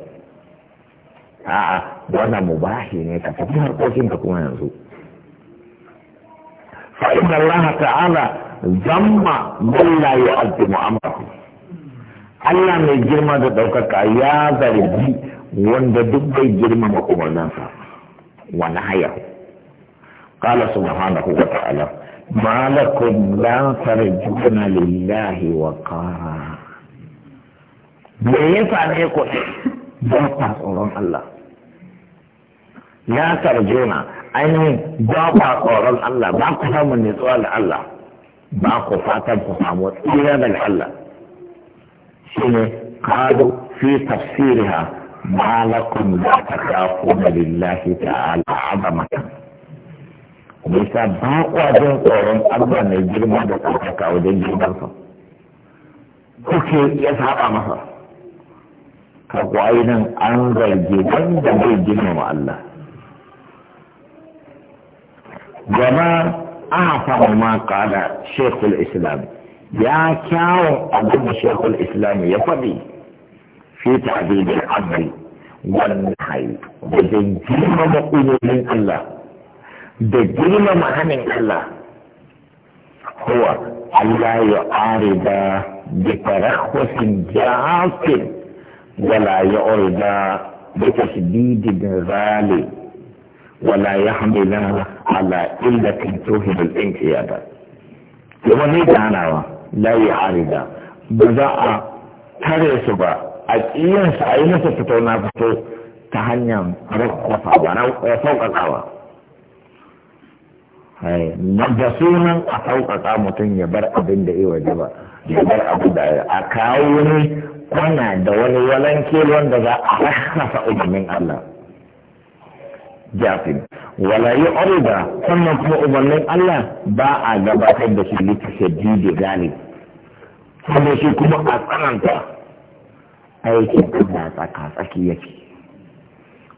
a'a wannan mubahi ne ka tafi harkokin ka kuma yanzu fa inna Allah ta'ala zamma man la yu'azzimu amrahu Allah mai girma da ɗaukaka ya zargi wanda duk bai girmama umarninsa wa nahayahu qala subhanahu wa ta'ala ما لكم لا ترجون لله وقارا بيفا نيكوش دوطا صورون الله لا ترجون أي أين دوطا صورون الله ما قفهم النسوال الله ما قفاتم قفاموت إلا من الله شنو قالوا في تفسيرها ما لكم لا تخافون لله تعالى عظمته bisa ba kwa jin tsoron Allah mai girma da tsarkaka wajen girmansa kuke ya saba masa ka kwayi nan an zargi wanda bai girmama Allah gama a samu ma kada shekul islam ya kyawun abin da shekul islam ya faɗi fi ta'adidin amri wannan hayi wajen girmama umarnin Allah da girmama hannun Allah huwa Allah ya arida da farakwasin jafin wala ya arida da da zali wala ya hamila ala illatin tuhidul inqiyada wani ganawa la ya arida ba za a tare su ba a ƙiyansa a yi masa fito na fito ta hanyar rakwafa wa sauƙaƙawa Eh, da sunan a sauƙaƙa mutum ya bar abin da iya waje ba ya bar abin da a kawo wani kwana da wani walanke wanda za a haskasa umarnin Allah jafin wala yi orida sannan kuma umarnin Allah ba a gabatar da shi littafi da gani sannan shi kuma a tsananta aikin Allah tsaka tsaki yake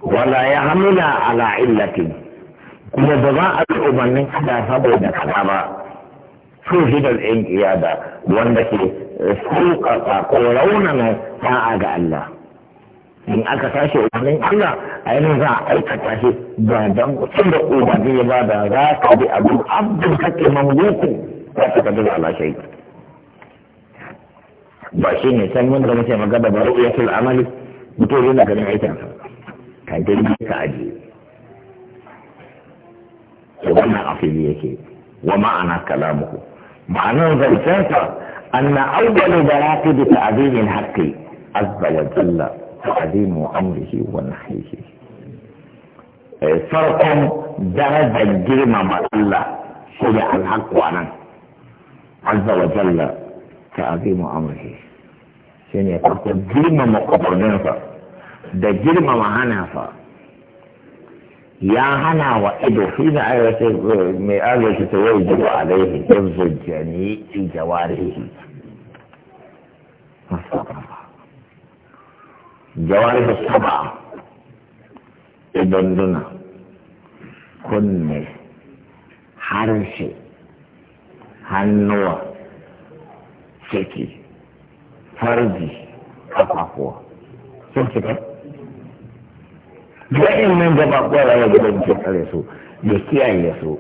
wala ya hamila ala illatin kuma ba za a yi umarnin kada saboda kada ba wanda ke وانك سوقك na sa'a ga Allah. in aka tashi umarnin Allah a yanzu za a aikata shi ba don kusur da umarni ba da za ka bi abu abin kake mamluku za su ka dala alashai ba shi ne san mun da muke magana ba ru'yatul amali mutum yana ganin aikinsa kan dai ka ajiye wannan a fili yake wa ma'ana kalamuhu ma'anar zancensa أن أول مراتب تعظيم الحق عز وجل تعظيم أمره ونحيه إيه، فرق درجة جرم مع الله شرع الحق عنه عز وجل تعظيم أمره شنو جرم جرمة مقبرنفة ده جرم جرمة فا يا هنا وإدو في نعيرة مئابة تتواجد عليه حفظ الجميع في جوارحه جوارح السبعة إذن دنا كن حرشي هنوة سكي فرجي أقفوة سنتكت bayan nan gaba kwara ya gudan ke kare su ya kiyaye su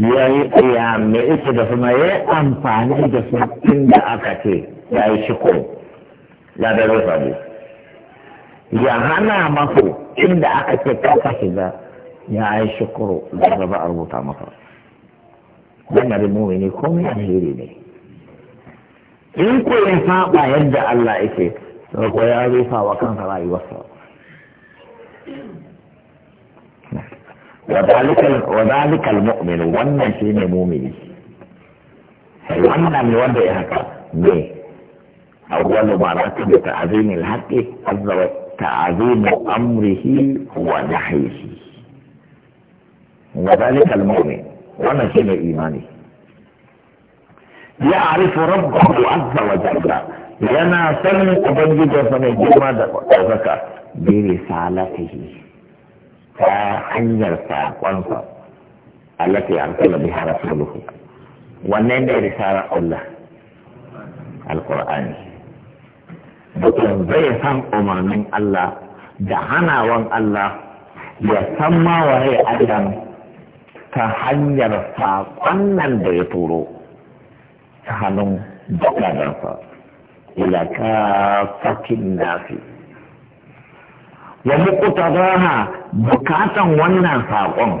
ya yi ya mai ita da suna ya amfani da su tun da aka ce ya yi shiko ya da rufa ne ya hana masu inda aka ce kaka shiga ya yi shukuru da gaba a rubuta maka mu ne komai hiri ne in ko ya saba yadda Allah yake to ko ya rufa wa kansa rayuwarsa وذلك المؤمن وانا شين مؤمن وانا من وضع هكا مي اول مراتب تعظيم الحق اذر تعظيم امره ونحيه وذلك المؤمن وانا شين إيمانه يعرف ربه عز وجل yana sanin ubangijinsa mai girma da ɗaukaka sa risalatihi ta hanyar saƙonsa allati arsala biha rasuluhu wannan ne risalar Allah alqur'ani mutum zai san umarnin Allah da hanawan Allah ya san ma waye Allah ta hanyar saƙon nan da ya turo ta hannun jakadansa. ila kafatin nafi wa muqtadaha bukatan wannan saƙon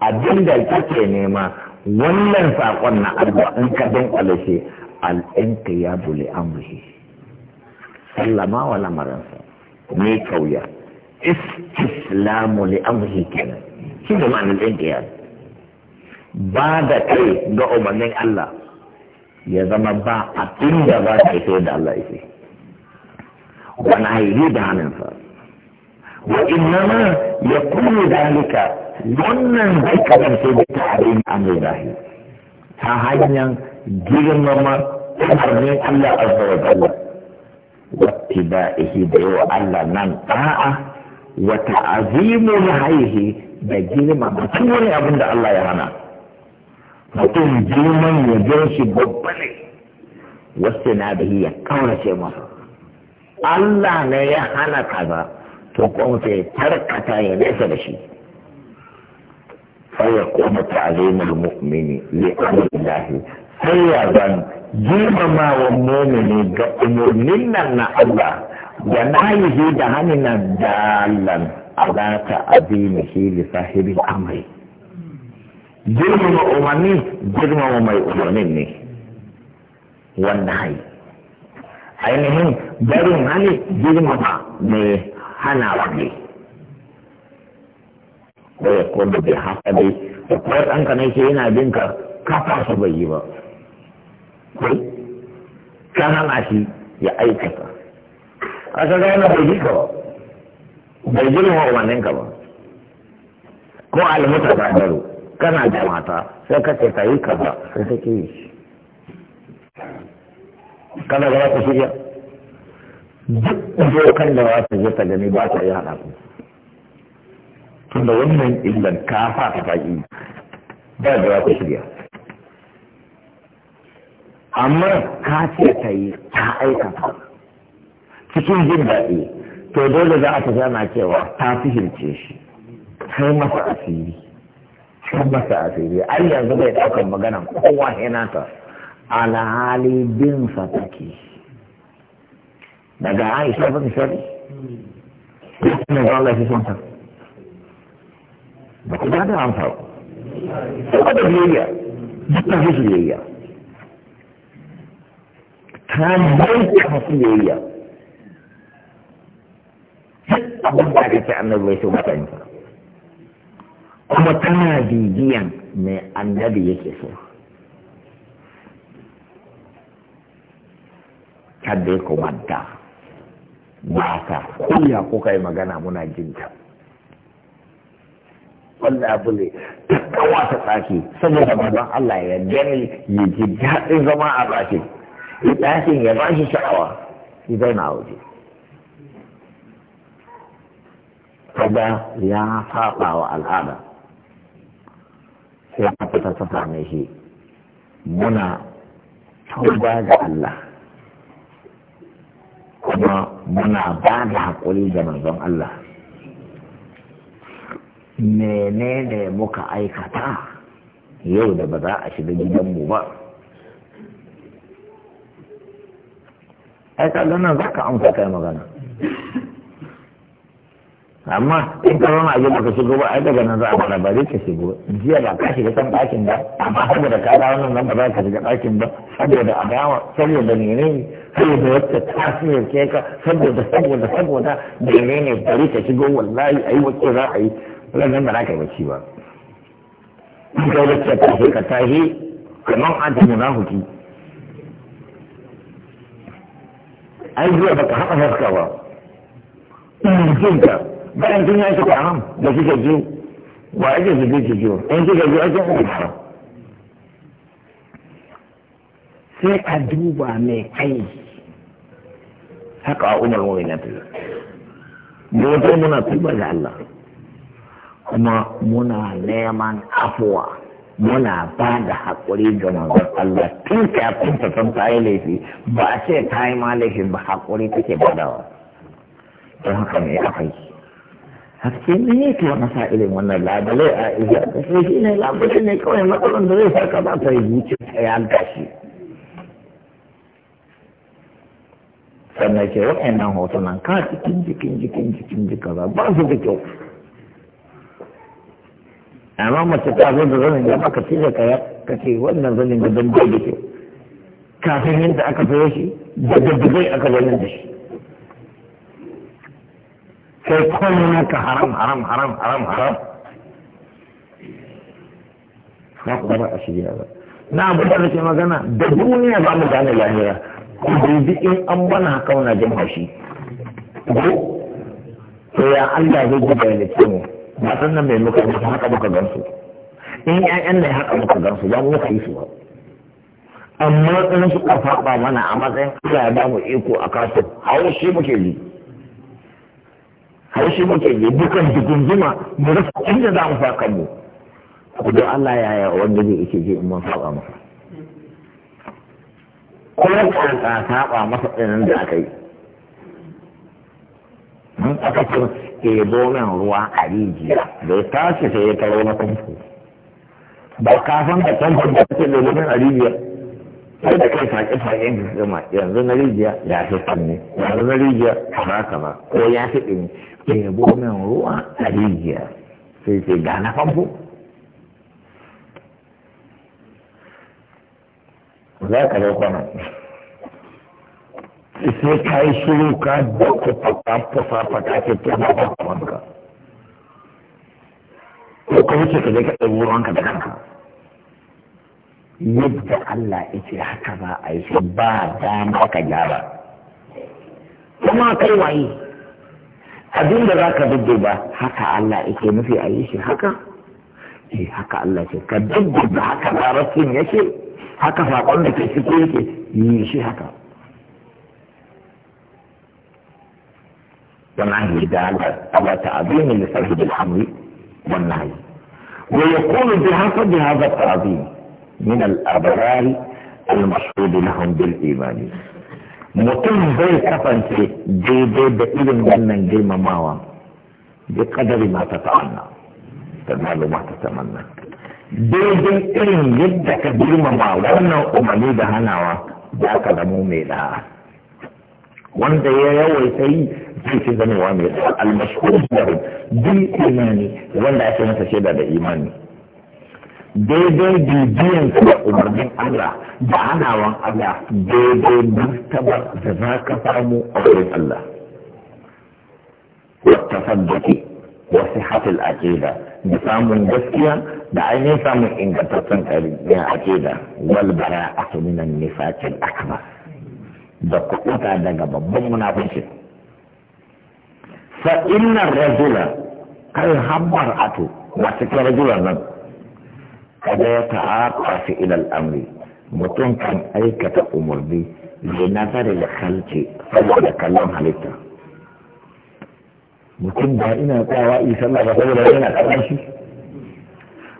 abin da kake nema wannan saƙon na Allah in ka dunkule shi al-inqiyabu li amrihi sallama wa lamaransa ne kauya istislamu li amrihi kenan shi da ma'anar inqiyab ba da kai ga umarnin Allah ya zama ba abin da za ka iso da Allah yake wani hairi da hannunsa wa innama ya kuma dalika wannan zai kasance da tare na amurahi ta hanyar girmama umarnin Allah azza wa jalla ba tibaihi da yawa Allah nan wata azimu na haihi da girmama duk wani abin da Allah ya hana mutum girman ya gan shi babba ne wasu na da ya kaurace masa Allah ne ya hana kaza to kuma sai tarkata ya nesa da shi faya kuma ta'alimul mu'mini li amrillahi sai ya zan wa mu'mini ga umurnin nan na Allah da shi da hannun nan dalan ala da li sahibi amari. ma umarni girmama mai umarnin ne wannan hai ainihin barin hali ma mai hana wani ko ya kuma bai haka dai ko ɗanka ne ke yana bin ka kafa su bai yi ba Kai ka hana shi ya aikata aka ga yana bai yi ka ba bai girmama umarninka ba ko almuta ba daro kana da mata sai ka ce ta yi kaza sai take yi shi. kana ga ku shirya duk dokan da za ta je ta gani ba ta yi haɗa ku tunda wannan illan ka fa ta yi ba da za ku shirya amma ka ce ta yi ta aikata cikin jin daɗi to dole za a ta zana cewa ta fahimce shi kai masa asiri sun masa asiri ai yanzu bai ɗaukar magana kowa yana ta alhali bin sa take daga aisha ba misali ne ga Allah shi son ta ba ku da amsa ba da biyayya dukkan su biyayya ta bayyana su biyayya abin da ake ce annabi bai so mutane kuma tana bibiyan mai annabi yake so kada ya kumanta ba ka kuya ko yi magana muna jinta wanda abu ne kawo ta tsaki saboda don Allah ya gani ya ji daɗin zama a tsaki ya tsakin ya ba shi sha'awa ya zai na waje kada ya faɗa wa al'ada sai ka fita ta same shi muna tuba ga Allah kuma muna ba da haƙuri da manzon Allah menene muka aikata yau da ba za a shiga gidanmu ba aikata ka nan za ka amsa kai magana amma in ka zama a gida ka shigo ba ai daga nan za a fara ba zai ka shigo jiya ba ka shiga kan ɗakin ba amma saboda ka dawo nan nan ba za ka shiga ɗakin ba saboda adawa saboda ne saboda wacce tasirin ke ka saboda saboda saboda menene bari ka shigo wallahi ai wacce za a yi wannan ba za ka yi bacci ba in ka wacce tashi ka tashi kamar an ta hutu ai zuwa ba ka haɗa haskawa ba in jinka bayan tun ya suka haram da kika biyu ba ake su bi ki biyu in kika biyu ake uku haram sai a duba mai kai haka a umar mu'mina ta da wata muna tuba da Allah kuma muna neman afuwa muna ba da haƙuri ga manzon Allah tun kafin ta san ta yi laifi ba a ce ta yi ma laifi ba haƙuri take badawa don haka ne akwai haske ne yake masa irin wannan labarai a iya kashe shi ne labarai ne kawai matsalan da zai saka ba ta yi rubuce ta ya gashi sannan ce nan hotunan ka cikin jikin jikin jikin jika ba ba su da kyau amma mace ta zo da zanen ya baka cire ka ya kace wannan zanen da don bai da kyau kafin yadda aka fiye shi da dabbai aka zanen da shi kai komai ka haram haram haram haram haram na ku ba a shirya ba na abu da nake magana da duniya ba mu gane lahira ku dubi in an bana haka wani jin haushi ko to ya Allah zai ji da ne. mu ba san nan mai muka muka haka muka gansu in ƴaƴan ne haka muka gansu ba mu kai yi su ba amma in kafa ba mana a matsayin Allah ya ba mu iko a kasu haushi muke yi har shi muke yi dukan jigunjima mu rasa inda za mu faka mu ku don Allah ya yi wanda zai yake je in mun saba masa ko ya kanka saba masa ɗinin da aka yi mun aka ce ke min ruwa a rijiya da ya tashi sai ya taro na kamfo ba ka san da kamfo da kake ɗebo min a rijiya sai da kai sake sake yanzu na rijiya ya fi sanne yanzu na rijiya kaza kaza ko ya fi ɗini ɗebo min ruwa a rijiya sai ce ga na famfo ka zo kwanan sai ka yi shiru ka da ku fata fata fata ce ta ba ba ka wuce ka je ka ɗebo ruwanka yadda Allah ya haka ba a yi shi ba dama ka gyara kuma kai waye abin da za ka dudduba haka Allah yake nufi a yi shi haka eh haka Allah ce ka dubba haka larabcin yake haka saƙon da ke ciki yake yi shi haka wannan da Allah ta abin da sarfi da hamri wannan yi wa yakunu bi hasabi hadha ta'zim min al abrar al mashhud lahum bil imani mutum zai kasance daidai da irin wannan girmamawa bi kadari ma ta ta'anna ta maluma ta tamanna daidai irin yadda ka girmama wannan umarni da hanawa za ka zamo mai da'a wanda ya yawaita yi zai fi zamewa mai da'a almashhur da bi imani wanda ake masa shaida da imani daidai bibiyan da umarnin Allah da hanawan Allah daidai martabar da za ka samu a wurin Allah. Wata sabbaki wasu hatil akida da samun gaskiya da ainihin samun ingantaccen a akida wal bara a sunan nifakin akbar da kuɗuta daga babban munafunci. Fa'innan rajula kai hamar ato wasu ke nan kada ya ta'aqa fi ila al-amri mutum kan aikata umarni li nazari al-khalqi saboda kallon halitta mutum ba ina tsawa yi sallah ba saboda yana kallon shi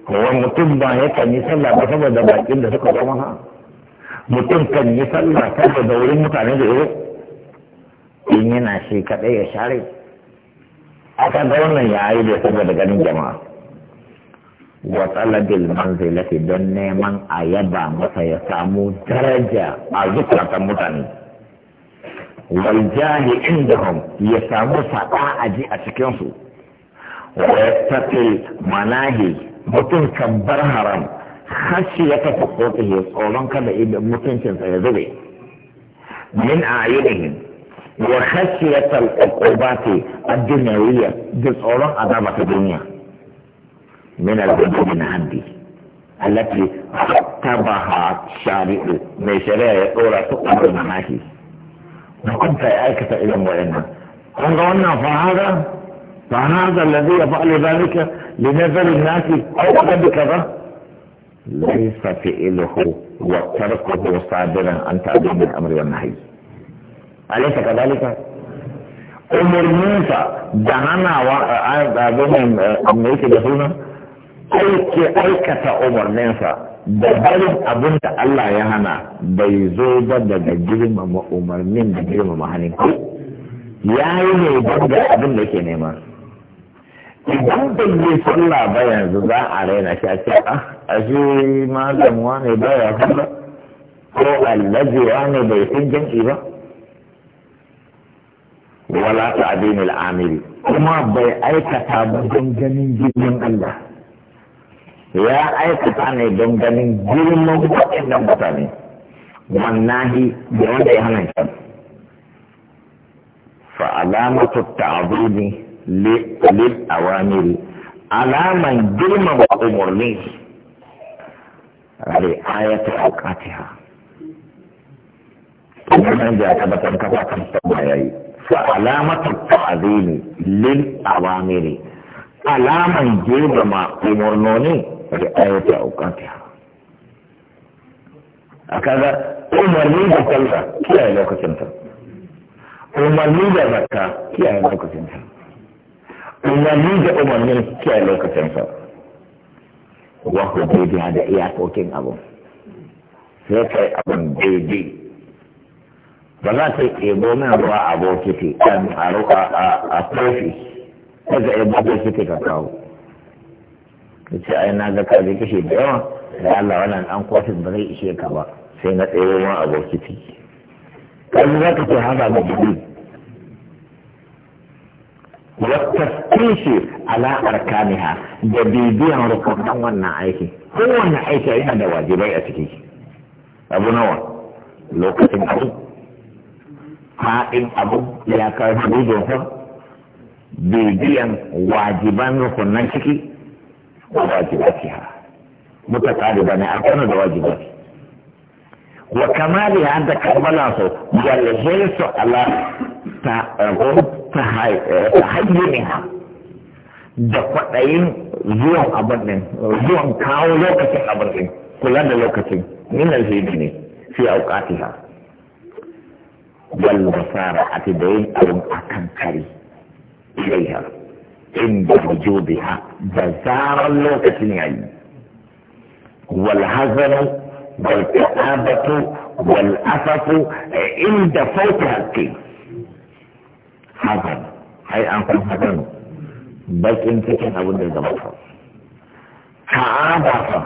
kowa mutum ba ya kan yi sallah ba saboda bakin da suka zama ha mutum kan yi sallah saboda wurin mutane da yau in yana shi kadai ya share aka ga wannan ya yi da saboda ganin jama'a wa talabil manzilati don neman a yaba masa ya samu daraja a zukatan mutane wal jahil indahum ya samu saɗa a ji a cikinsu wa yattaqil manahi mutum kan bar haram hashi ya kafa kokihi tsoron kada idan mutuncinsa ya zube min ayunihim wa khashiyat ba uqubati ad-dunyawiyya da tsoron azaba ta duniya من من عندي التي رتبها الشارع من شريعة تؤمر المناهي وكنت أيكت إلى مؤمن قلت وانا فهذا فهذا الذي يفعل ذلك لنزل الناس أو بكذا ليس فعله وتركه صادرا عن تعليم الأمر والنهي أليس كذلك؟ أمر موسى دهنا وعاد أبنى أمريكي دهونا aiki aikata umarninsa da barin abin da Allah ya hana bai zo ba daga girmama umarnin da girmama hannun ya yi ne banga abin da ke nema idan bai yi sallah ba yanzu za a raina shi a ce ah ashe malam wane ba ya sallah ko allaji wani bai san jam'i ba wala ta adinil amiri kuma bai aikata ba don ganin girman Allah ya aikata ne don ganin girman waɗannan mutane wannahi da wanda ya hana shi fa alamatu ta'zimi lil awamiri alaman girman umurni ayatu awqatiha wannan da ta batan kafa kan yayi fa alamatu ta'zimi lil awamiri alaman girman umurnoni ri'ayata a akaga umarni da sallah kiyaye lokacin ta umarni da zakka kiyaye lokacin ta umarni da umarnin kiyaye lokacin ta. wa hudaybiya da iyakokin abu sai kai abin daidai ba za ta ebo min ruwa a bokiti a kofi sai ka ɗebo bokiti ka kawo ya ce ai na ga kaji kashe da yawa da Allah wannan an kwafin ba zai ishe ka ba sai na tsaye ma a bokiti kan za ka ce haza da dubi wata kunshi ala arkaniha da bibiyan rukunan wannan aiki kowanne aiki yana da wajibai a ciki abu nawa lokacin abu haɗin abu ya karfi gudunsa bibiyan wajiban rukunan ciki da wajibatiha mutaqaribani akana da wajibati wa kamali hada kammala su wal ta eh, eh, da kwaɗayin zuwan abin zuwan kawo lokacin abin kula da lokacin min alhidi ne fi auqatiha wal musara'ati da yin abin akan kari ilaiha inda wujubiha da zarar lokacin yayi wal hazanu wal ta'abatu wal asafu inda fauti haqqi hazan ai an san hazan bakin cikin abin da zama fa ta'aba fa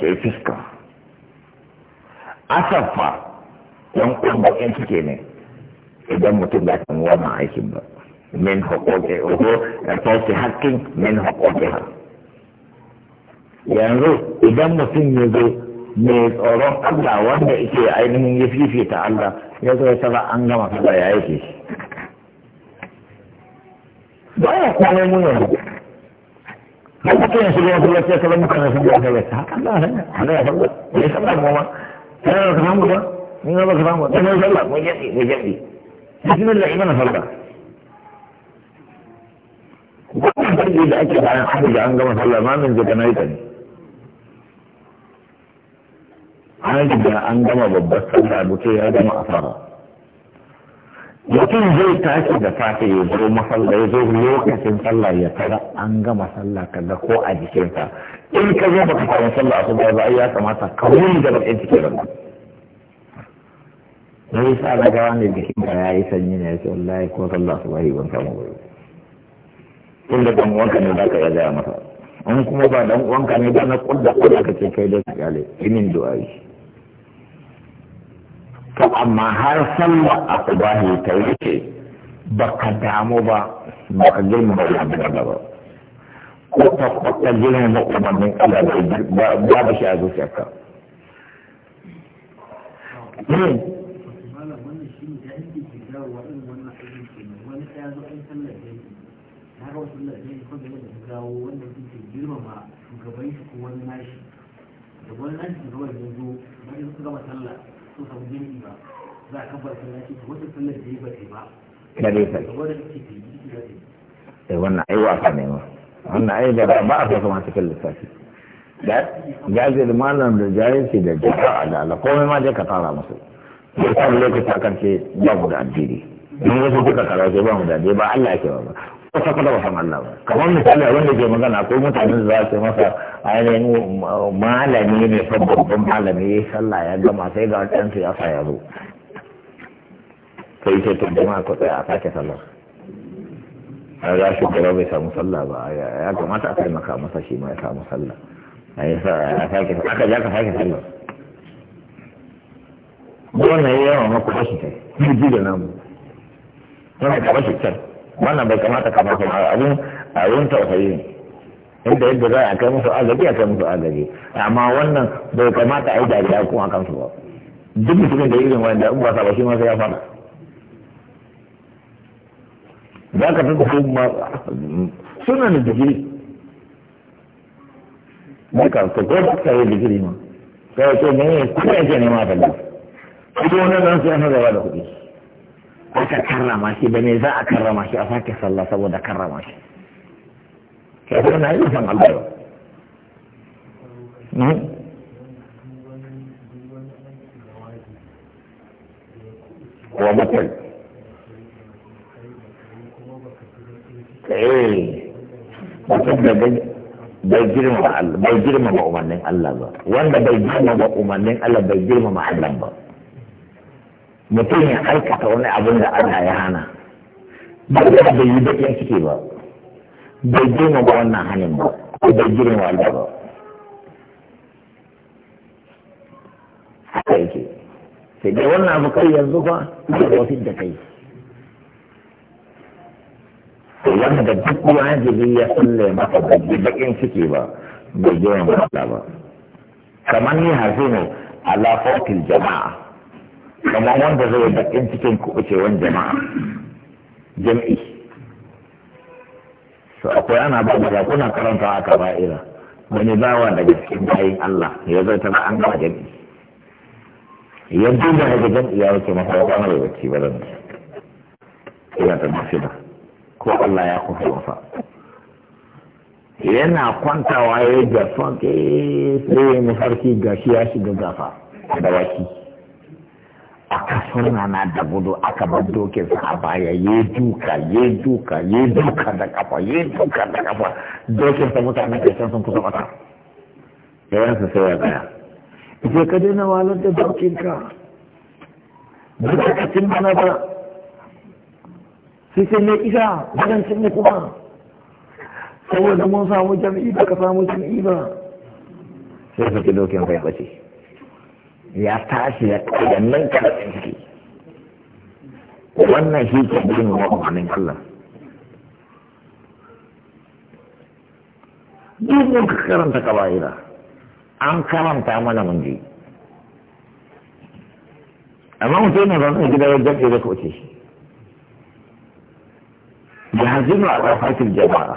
ke fiska asafa yan kwan bakin cike ne idan mutum ta samu ma aikin ba min uku ko sauke haƙƙin min haƙoƙe ha yanzu idan mutum ya zo mai tsoron Allah wanda yake ainihin ya fifita Allah ya zo ya tara an gama kaza ya yake shi ba ya kome mu yanzu har mutum ya shiga wasu wasu ya tara mutane sun gasa ya ta Allah ya hana ya sallah ya sallah mu ma sai ya kama mu ba ni ba ka samu sai ya sallah mu jabi mu jabi bismillah imana sallah wannan dangi da ake bayan an da an gama sallah ma min zaka nayi ta ne an riga an gama babbar sallah mutum ya gama asara mutum zai tashi da safe ya zo masallah ya zo lokacin sallah ya tara an gama sallah kaga ko a jikinsa in ka zo baka samu sallah a asuba ba ai ya kamata ka wuri da bakin cikin ranka na yi sa daga wani jikin da ya yi sanyi ne ya ce wallahi ko sallah su bahi ban samu wuri tun da dan uwanka ne za ka iya gaya masa an kuma ba dan uwanka ne ba na kudda kudda ka ce kai dai ka kyale du'a yi to amma har sallah a subahi ta wuce ba ka damu ba ba ka girmama wani ba ko ta kwata girmama umarnin Allah ba ba shi a zuciyarka hmm. kawo sunna ne ko da ta wanda suke girmama wani nashi da wani nashi zo gama sallah su samu ba za a kabbar sallah ce to wata da ya ba ta ba kare ta eh, wannan ai wasa ne ma wannan ai da ba a masu cikin lissafi da jazir malam da jahilci da jaka da ala komai ma dai ka tara musu sai kan lokaci a karshe ba mu da addini mun wasu duka karatu ba mu da addini ba Allah ya ke ba kwata kwata ba san Allah ba kamar misali wanda ke magana ko mutanen za su masa ainihin uh, malami ne fa babban malami ya sallah ya gama sai ga ɗan siyasa ya zo sai sai to jama'a ku tsaya a sake sallah a ga shi gaba bai samu sallah ba ya kamata a taimaka masa shi ma ya samu sallah a yi sake aka ja ka sake sallah wannan ya yawa maku bashi kai jirgi da namu wannan ka bashi kai wannan bai kamata kamar kuma abin yin tausayi inda yadda za a kai musu agaji a kai musu agaji amma wannan bai kamata a yi dariya kuma a kansu ba duk mutumin da irin wanda in ba sa ba shi ma sai ya fara za ka fi ma suna da digiri ba ka ko ba ka yi digiri ma kai ce ne kuma ne ma ta da kudu wani nan sai an gaba da kuɗi aka karrama shi ba ne za a karrama shi a sake sallah saboda karrama shi kai ko na yi san Allah ba hmm? wa mutum eh mutum da bai bai girma girmama umarnin Allah ba wanda bai girma girmama umarnin Allah bai girma girmama Allah ba mutum ya aikata wani abin da Allah ya hana ba da bai yi bakin ciki ba bai girma ba wannan hanin ba ko bai girma Allah ba haka yake sai dai wannan abu kai yanzu ba ya da wasu da kai wanda da duk wajibi ya kulle maka da bakin ciki ba bai girma Allah ba kamar ni hafi ne ala jama'a kamar wanda zai bakin cikin kuɓucewan jama'a jam'i to akwai ana ba da kuna karanta aka ba'ira wani bawa daga cikin bayin Allah ya zai tana an gama jam'i ya duba daga jam'i ya wuce masa ya da bai bacci ba zan ina da ko Allah ya kufa masa yana kwantawa ya jafa ke sai mafarki gashi ya shiga gafa da waki aka na da gudu aka bar dokinsa a baya ya duka ya duka ya duka da kafa ya duka da kafa dokinsa mutane ke sun kusa mata yawansu sai ya tsaya ita ka daina walar da dokinka ba ta cin bana ba sai sai na isa cin ne kuma saboda mun samu jami'i ba ka samu jami'i ba sai saki dokin kai bace ya tashi ya kai da nan karfin ciki wannan shi ke wa kwanin Allah duk mun ka karanta kaba'ira an karanta mana mun ji amma mutum yana zaune gida wajen da kauce shi da hazinu a ƙarfakin jama'a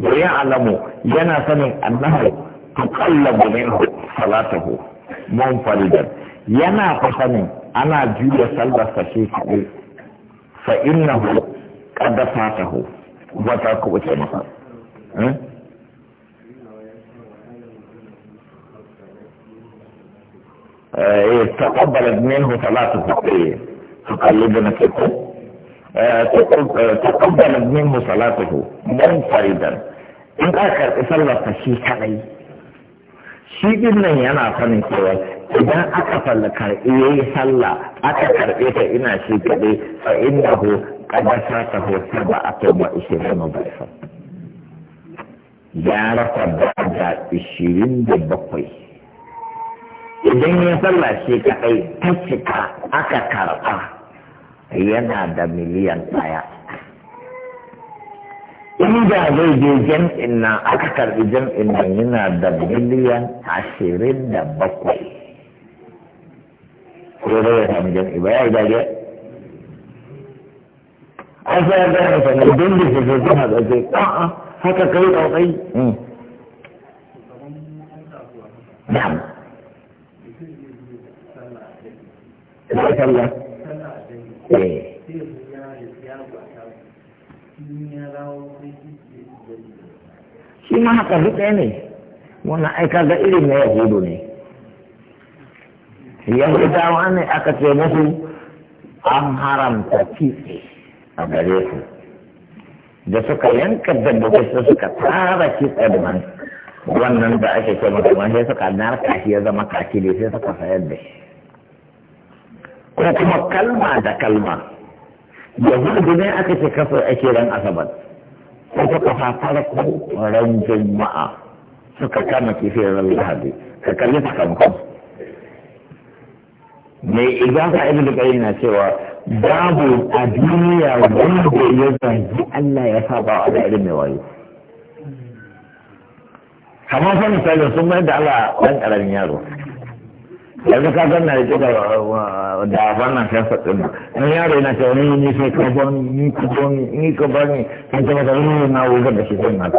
da ya alamu yana sanin annahu tuqallabu minhu salatahu munfaridan yana fa ana juya sallar shi kaɗai fa innahu qad fatahu wa ta kubuce masa تقبلت منه صلاته تقلبنا كده تقبلت منه صلاته منفردا in ka karɓi sallar shi shi din nan yana sanin cewa idan aka falla karɓi ya yi sallah aka karɓe ta ina shi kaɗai a inda hu ƙadasa ta hosa ba a kai ma ishirin ba isa ya rasa ba da ishirin da bakwai idan ya sallah shi kaɗai ta cika aka karɓa yana da miliyan ɗaya inda zai je jam'in nan aka karbi jam'in nan yana da miliyan ashirin da bakwai ko zai sami jam'i ba ya yi dage an sai ya gane ta nan don da zai zama da zai a'a haka kai ɗaukai na'am sallah eh shi ma haka zuka ne wannan aika ga irin na yahudu ne yahudawa ne aka ce musu an haramta kitse a gare su da suka yanka dabbobi su suka tsara kitse da man wannan da ake ce masa man suka narka shi ya zama kaki ne sai suka sayar da shi ko kuma kalma da kalma yahudu ne aka ce kafin ake ran asabar sai suka fa farko ran juma'a suka kama kifiyar ran lahadi ka kalli ta sakamakon mai igafa da ƙari na cewa babu a duniya wanda ya zangi Allah ya saba wa da irin mai wayo kamar fa misalin sun mayar da Allah ɗan ƙaramin yaro yanzu ka zanna yi ce da wannan fesa ɗin nan yaro yana cewa ni ni sai ka bani, ni ka bani, ni ka bani. ni kan ce masa ni na wuzar da shi zan na ta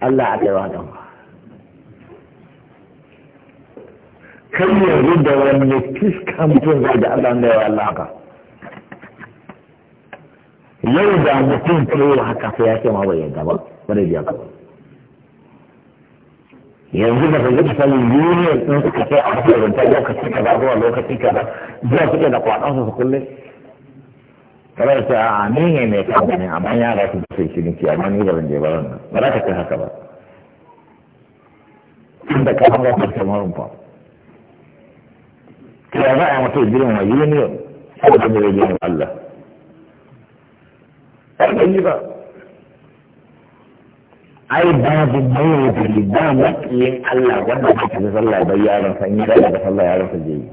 Allah a kai wa dan kan yanzu da wani fiska mutum zai da Allah da yawa Allah ka yau da mutum kai haka sai ya ce ma bai yarda ba ba biya kawai yanzu ba zai yi sanin union sun suka ce a kasar rinta lokaci kaza zuwa lokaci kaza zuwa suke da kwaɗansu su kullum kamar ta a ni ne mai kamfanin amma ya ga su sai shi niki amma ni ba zan je ba nan ba za ka kai haka ba inda ka hanga ka kamar rumfa kira za a yi mutum jirin wa union da zai yi Allah. Ɗan ba, ai babu mawuzi ba makiyin Allah wanda ba ta sallah bai yaron sa in yi daga sallah yaron sa zai yi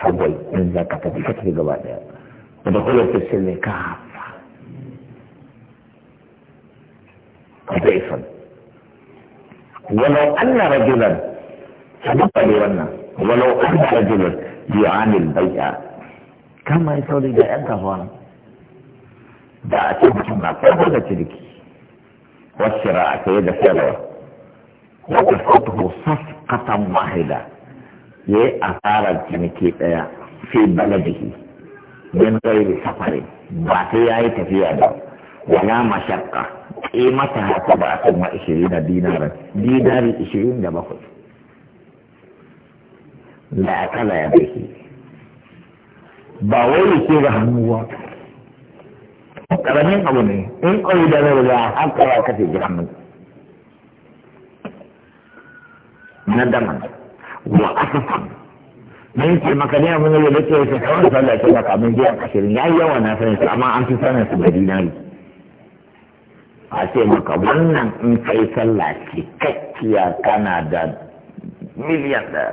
kawai in za ka tafi ka tafi gaba daya da da kula ta sirri ka hafa ka zaifan walau anna rajulan sababba ne wannan walau anna rajulan yu'anil bai'a kama ya sauri da 'yan kafa da a ce mutum na farko da ciniki wasu ra'a ka yi da sayarwa ya kusurta hosas kasan wahida ya yi asarar ciniki daya. fi baladihi min gairi safarin ba sai ya yi tafiya ba wala mashakka ƙimata haka ba a kuma wa ishirin da dinarin dinari ishirin da bakwai da akala ya bai ba wai ke da hannuwa karamin abu ne in koyi da zai da haka ya jiran jihannun na dama wa asafan na yi ce maka ne abin da ke yake kawai sallah ce maka abin biyan ashirin ya yi yawa na sanin su amma an fi sanin su da dinari a ce maka wannan in kai sallah cikakkiya kana da miliyan da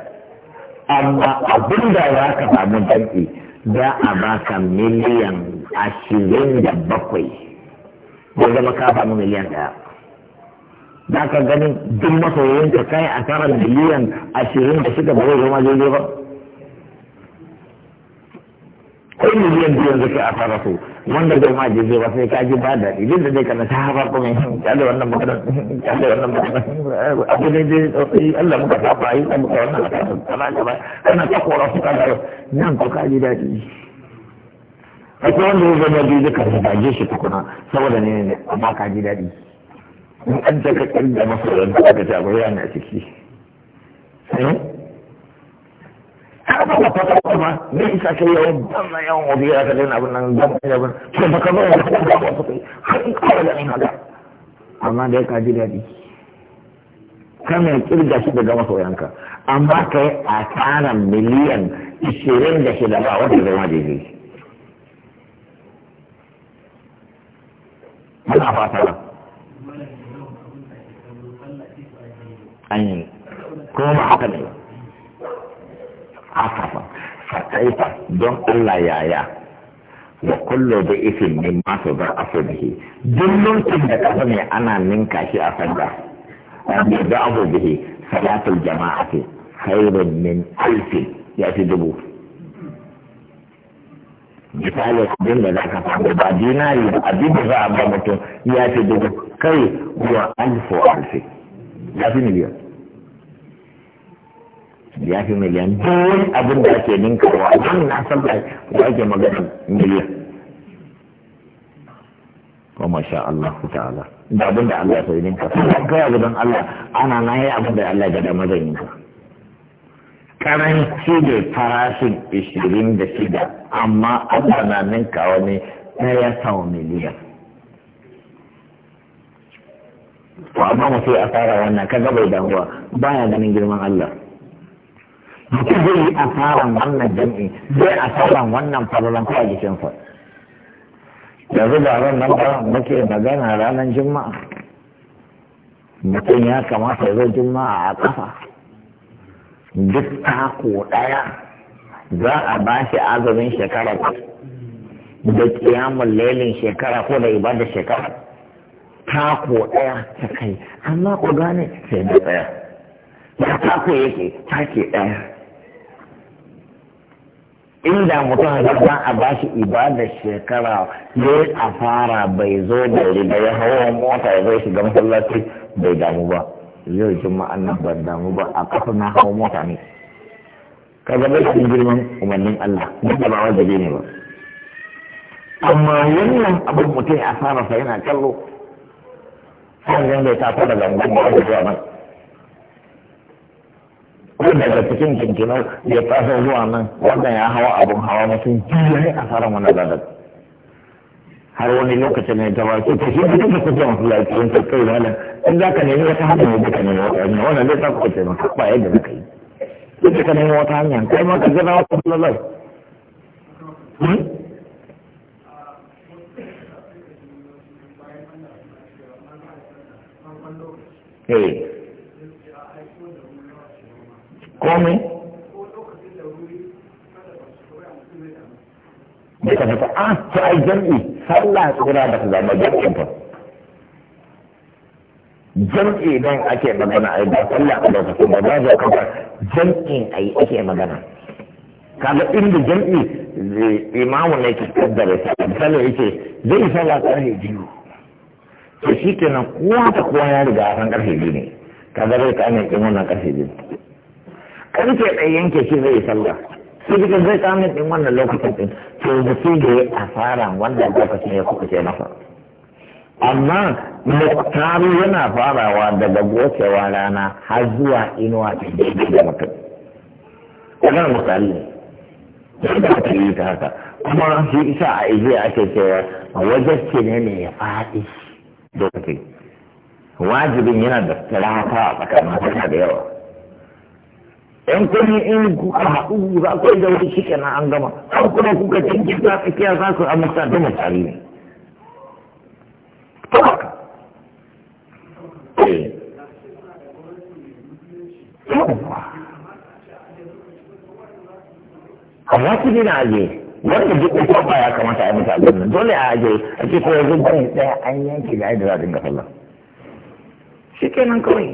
amma abin da ya ka samu jam'i za a baka miliyan ashirin da bakwai ya zama ka samu miliyan ɗaya za ka ganin duk masoyin masoyinka kai a tara miliyan ashirin da shida ba zai zama daidai ba ko miliyan biyu yanzu kai a tara su wanda zai ma daidai ba sai ka ji ba da idan da zai kana ta haɓar kuma kyale wannan maganar kyale wannan maganar abu ne dai tsofi Allah muka tafa yi muka wannan a kana ta kora su kana nan ko ka ji daɗi akwai wanda ya zama biyu duka da gaje shi tukuna saboda ne ne amma ka ji daɗi in an ta kakar da masa wanda aka ta bai yana ciki har eh? ba ka fata kuma ne isa kai yawan banna yawan wabi ya kalli abin nan ban da ban to ba ka zo ya kuma ba ka kai har in kawo da in haka amma da ka ji daɗi kana kirga shi daga yanka, amma kai a tsarin miliyan ishirin da da ba wata zama daidai muna fata nan an yi kuma ba haka ne haka ba fataifa don Allah yaya wa kullu da ifin ne masu bar aso da shi duk tun da kafa ne ana ninka shi a sanda wanda da abu bihi salatul ce. khairun min alfin ya fi dubu misali kudin da za ka samu ba dinari ba abin da za a ba mutum ya ce dubu kai wa alfu alfi ya fi miliyan ya fi miliyan duk abin da ake ninka wa nan na san da ko ake magana miliyan wa masha Allah ku ta'ala da abin da Allah ya sai ninka kai abin Allah ana na yi abin da Allah ya ga da mazan yinka karanci da farashin ishirin da shida amma ana na ninka wani ɗaya sau miliyan to amma mu sai a fara wannan kaga bai damuwa baya ganin girman Allah mutum zai yi asaran wannan jami'i zai asaran wannan falalan ko a jikinsa yanzu da ran nan ba muke magana ranar juma'a mutum ya kamata ya zo juma'a a kafa duk tako ɗaya za a ba shi azumin shekara da kiyamun lailin shekara ko da ibada shekara tako ɗaya ta kai amma ku gane sai da ɗaya ba tako yake take ɗaya inda mutum da za a ba shi ibadar shekara zai a fara bai zo da riga ya hawa mota ya zai shiga masallaci bai damu ba yau juma'an nan ban damu ba a kafa na hau mota ne Ka ga bai cikin girman umarnin Allah duk da ba wajibi ne ba amma wannan abin mutum ya fara sa yana kallo sai zan bai tafi da gangan da ake zuwa nan ko daga cikin kinkinar ya taso zuwa nan wannan ya hawa abin hawa mutum biyu ne a fara mana ladar har wani lokacin ne ta ba su ta shi da kuka kuka masu lafiyan kai malam in za ka nemi wata hanya ne ka nemi wata hanya wannan zai saka kwace maka ba yadda za ka yi sai ka nemi wata hanya kai ma ka gana wata lalai hmm? Eh. Komai? Da nufa, ah, ta ai jam'i, sallah tsira ba ta zama jam'in fa. jam'i don ake magana ai ba sallah a lokacin ba za su kafa jam'in ai ake magana kaga inda jam'i eh, imamu ne ke kaddara ta misali yake zai sallah karfe biyu to shi kenan kowa ta kowa ya riga a san karfe biyu ne kaga zai kame in wannan karfe biyu karfe ɗaya yanke shi zai sallah sai kika zai kame in wannan lokacin ɗin to mutum da ya asara wannan lokacin ya kuka ce masa amma muktaru yana farawa daga gocewa rana har zuwa inuwa ta daidai da mutum kuma misali ne da ta yi ta haka kuma shi isa a ije ake cewa wajacce ne mai faɗi da kake wajibin yana da tsirata a tsakanin kuma da yawa yan kuma in kuka haɗu za ku yi da wani shi kenan an gama an kuma kuka cikin ta tsakiya za ku amsa da misali ne ne na aje wanda duk ko ba ya kamata a mutu abin nan dole a aje a ce ko yanzu bai an yanke da ai da za a dinga sallah shi kenan kawai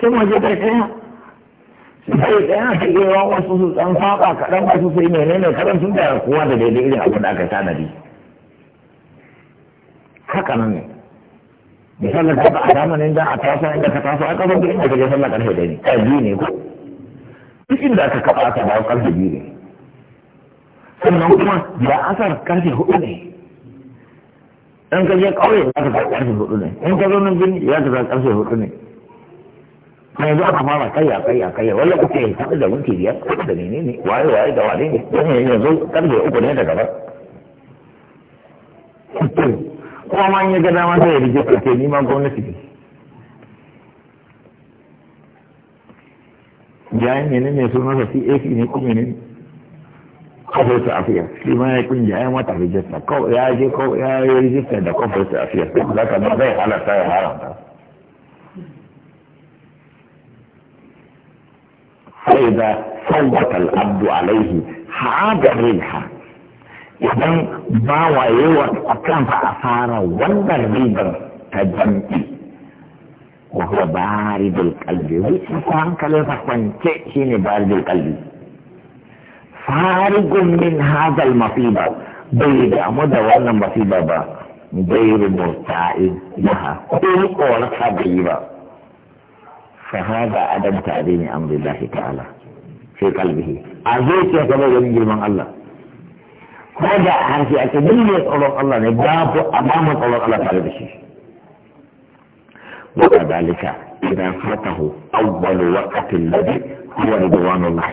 sai mu je kai tsaya sai tsaya a yi yawan wasu su tsan faɓa kaɗan wasu sai menene kaɗan sun da kowa da daidai irin abin da aka tanadi haka nan ne misalin da ba a zamanin da a taso inda ka taso a kasar da inda ka je sallah karfe da ni, ɗaya biyu ne ko duk inda aka kafa aka dawo karfe biyu ne sannan kuma ya asar karfe hudu ne in ka je kauye za ka zaɓi karfe hudu ne in ka zo nan birni za ka zaɓi karfe hudu ne kuma yanzu aka fara kayya kayya kayya wanda kuke sabu da minti biyar haɗu da ne waye waye da wane ne don yanzu karfe uku ne da gaba kuma ma in yi gada ma sai ya rike ni ma gwamnati ne جاي من يسون في ايه ني كو من قفل لما يكون جاي ما تعفي جسا كو يا جي كو يا يري جسا دا قفل تعفية لك ما بي حالة تاي حرام دا فإذا صوت العبد عليه حاجة ريحة إذن ما ويوت أكام فأثار وندر ريبا تجمعي wa huwa baridul qalbi wuce hankalin sa kwance shine baridul kalbi. farigun min hadal masiba bai damu da wannan masiba ba bai murta'in laha ko korata bai ba fa hada adam ta ta'zimi amrillahi ta'ala fi qalbihi a zuciya ka bai ganin girman Allah ko da harshe ake dole tsoron Allah ne babu mu tsoron Allah tare da shi وكذلك إذا فاته أول وقت الذي هو رضوان الله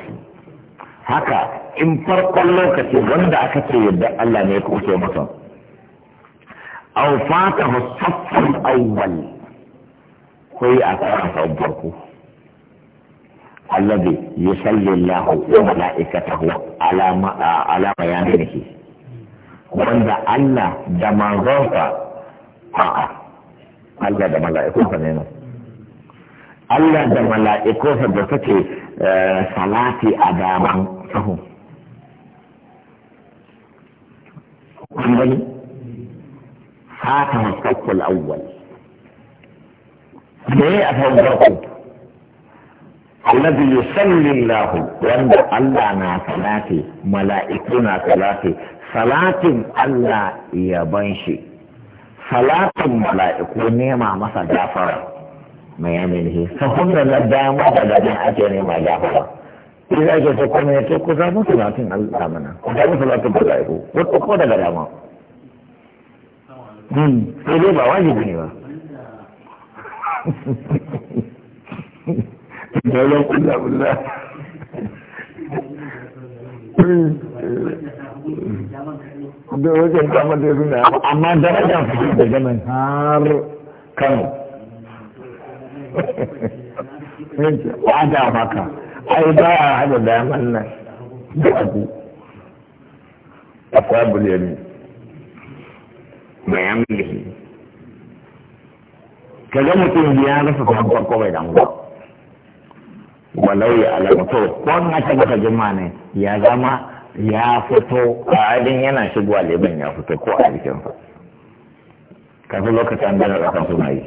haka in farkon lokaci wanda aka ce yadda Allah ne ya kuce masa aw fata musaffal awwal ko yi a tsara sa farko alladhi yusalli Allahu wa malaikatahu ala ala bayanihi wanda Allah da manzonsa a'a Allah da mala'ikunsa ne Allah da mala'ikunsa da suke eh, salati a daman sahu kun gani fata sakul awwal me a farko الذي Wanda Allah na الله نا na ملائكه نا Allah صلاه الله shi. salatin mala'iku nema masa gafara mai aminihi sahun da na dama da gajin ake nema gafara in ake so kuma ya ce ku zama salatin Allah mana ku zama salatin mala'iku ko ko daga dama hmm, sai dai ba wajibi ne ba Dalar [laughs] kula-kula. [laughs] da wajen kamar da suna amma darajar fito daga nan har kano wada maka ai ba a hada daman nan da abu a kwabul yami bayan mulki ka ga mutum ya rasa kuma farko bai damu walau ya ko na tabbata jima ne ya zama ya fito a adin yana shigowa leban ya fito ko a jikinsa kafin lokacin an dana ɗaukar suna yi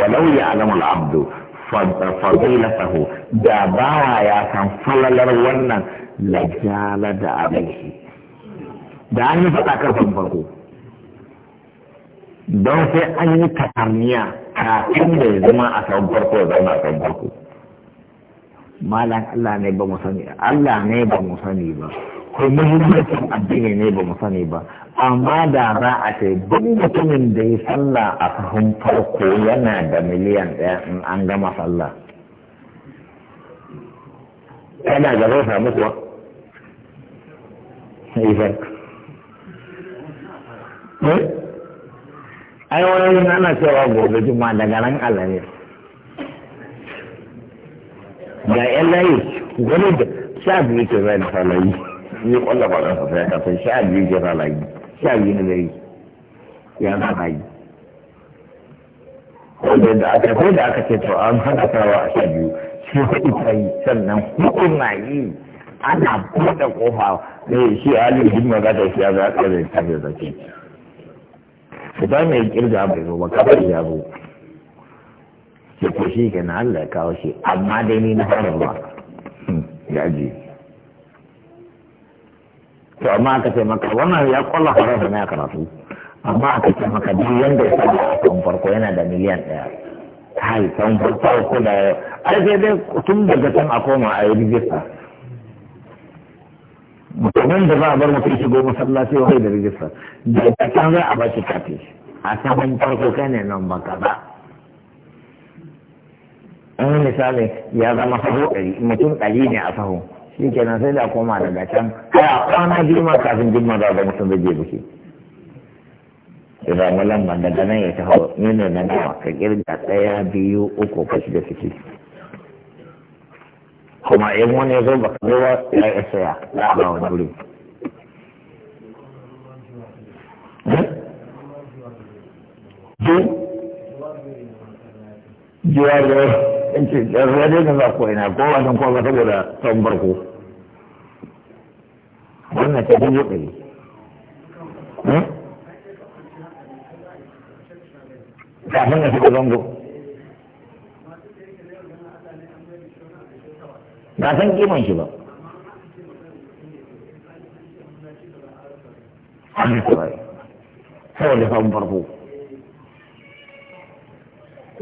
walau ya alamu al'abdu fadilatahu da bawa ya san falalar wannan lajala da shi da an yi faɗa karfin farko don sai an yi tafamiya kafin da ya zama a sabon farko ya zama a sabon farko malan Allah ne ba mu sani Allah ne ba mu sani ba ko muhimmancin addini ne ba mu sani ba amma da za a ce duk mutumin da ya sallah a sahun farko yana da miliyan ɗaya in an gama sallah yana da zai samu kuwa eh, eh? ai wani ana cewa gobe juma'a daga nan al'amir. ga yan layi gani da sha biyu ke zai da falayi ni kwallo ba zan fasa ka kafin sha biyu ke falayi sha biyu ne dare ya falayi wanda da aka kai da aka ce to an haka tawa a sha biyu shi hudu ta yi sannan hudu na yi ana buɗe kofa ne eh, shi ali bin magata shi ya za a tsare ta da zaki. Ita mai kirga bai zo ba kafin ya zo. ya ko shi ke na Allah ya kawo shi amma dai ni na fara ruwa hmm, ya ji to amma aka ce maka wannan ya kwallo harar da na karatu amma aka ce maka duk wanda ya sanya a kan farko yana da miliyan ɗaya kai san farko ko da ai sai dai tun daga can a koma a yi rijista mutumin da za a bar mutum shigo masallaci wahai da rijista da ta za a ba shi kafi a saman farko kai ne nan ba ka ba in misali ya zama sahu ɗari mutum ɗari ne a sahu shi kenan sai da koma daga can har a kwana girma ma kafin girma da ga mutum zai je biki da zama lamba daga nan ya taho ni ne na nawa ka kirga ɗaya biyu uku ka shiga ciki kuma in wani ya zo ba ka zo ba ya yi saya za a ba wani wuri eh? eh? Jiwa jual in ce rade da za ko ina ko wannan ko ba saboda son barko wannan ta dubu ɗari kafin ya shiga zango ba san kiman shi ba an saboda son farko.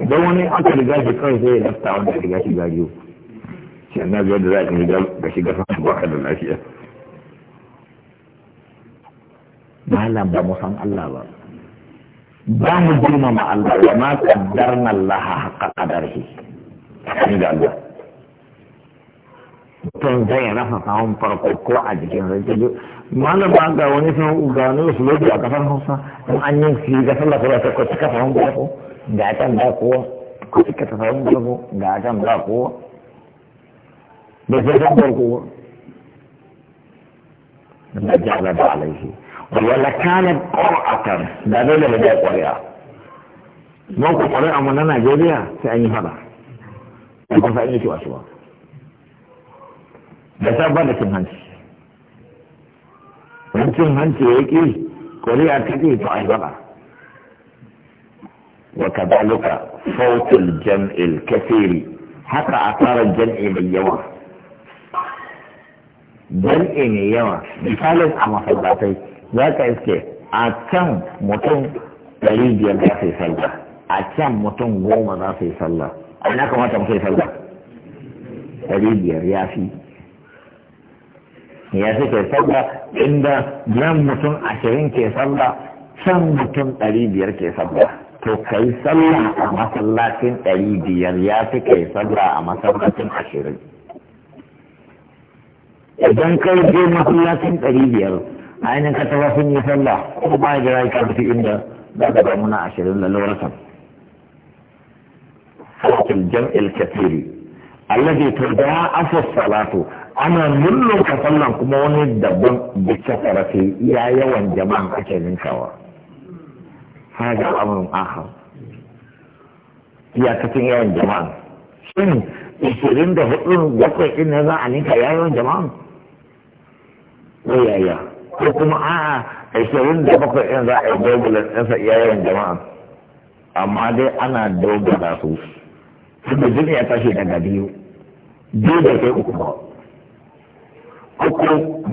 don wani aka riga shi kawai sai ya lafta wanda ya riga shi gariyo shi na biyar da za ka riga ga shiga sama ba ka da lafiya malam ba mu san Allah ba ba mu ma Allah wa ma na Allah haqqa qadarihi ni da Allah tun zai rafa samun farko ko a jikin rai. malam ba ga wani sun ga wani su lokaci a kasar Hausa in an yi shi ga sallah ko ta ko ta kafar Hausa ko ga can ba kowa ko ka ta samu farko ga can ba kowa da sai san farko ba na jihar da alaihi wala kana qur'atan da dole ne da qur'a mun ku qur'a mun na Najeriya sai an yi fada ko sai ne yi wasu ba da ta ba da cin hanci cin hanci ya ƙi ƙuri'a take to a yi wata daluka sautin jam'il kafiri haka a tsara jam'i mai yawa jam'i mai yawa misalin a masallatai za ka iske a can mutum dari biyar za su salla a can mutum goma za su salla a na kamata mutum yi salla dari biyar ya fi ya su ke salla inda jam mutum ashirin ke salla can mutum dari biyar ke salla to kai sallah a masallacin ɗari biyar ya fi kai sallah a masallacin ashirin idan kai je masallacin ɗari biyar ainihin ka taba sun yi sallah ko ba ya jira ka fi inda za ka ba na ashirin da laurasan fatil jam'il to da ya asu salatu ana mullun ka sallan kuma wani dabban bice kasarati iya yawan jama'an ake ninkawa haza amrun Ya iyakacin yawan jama'a shin ishirin da hudu bakwai din na za a ninka yawan jama'a ko yaya ko kuma a'a ishirin da bakwai din za a yi dogulan ɗansa yawan jama'a amma dai ana dogara su tunda jini ya tashi daga biyu biyu da kai uku ba uku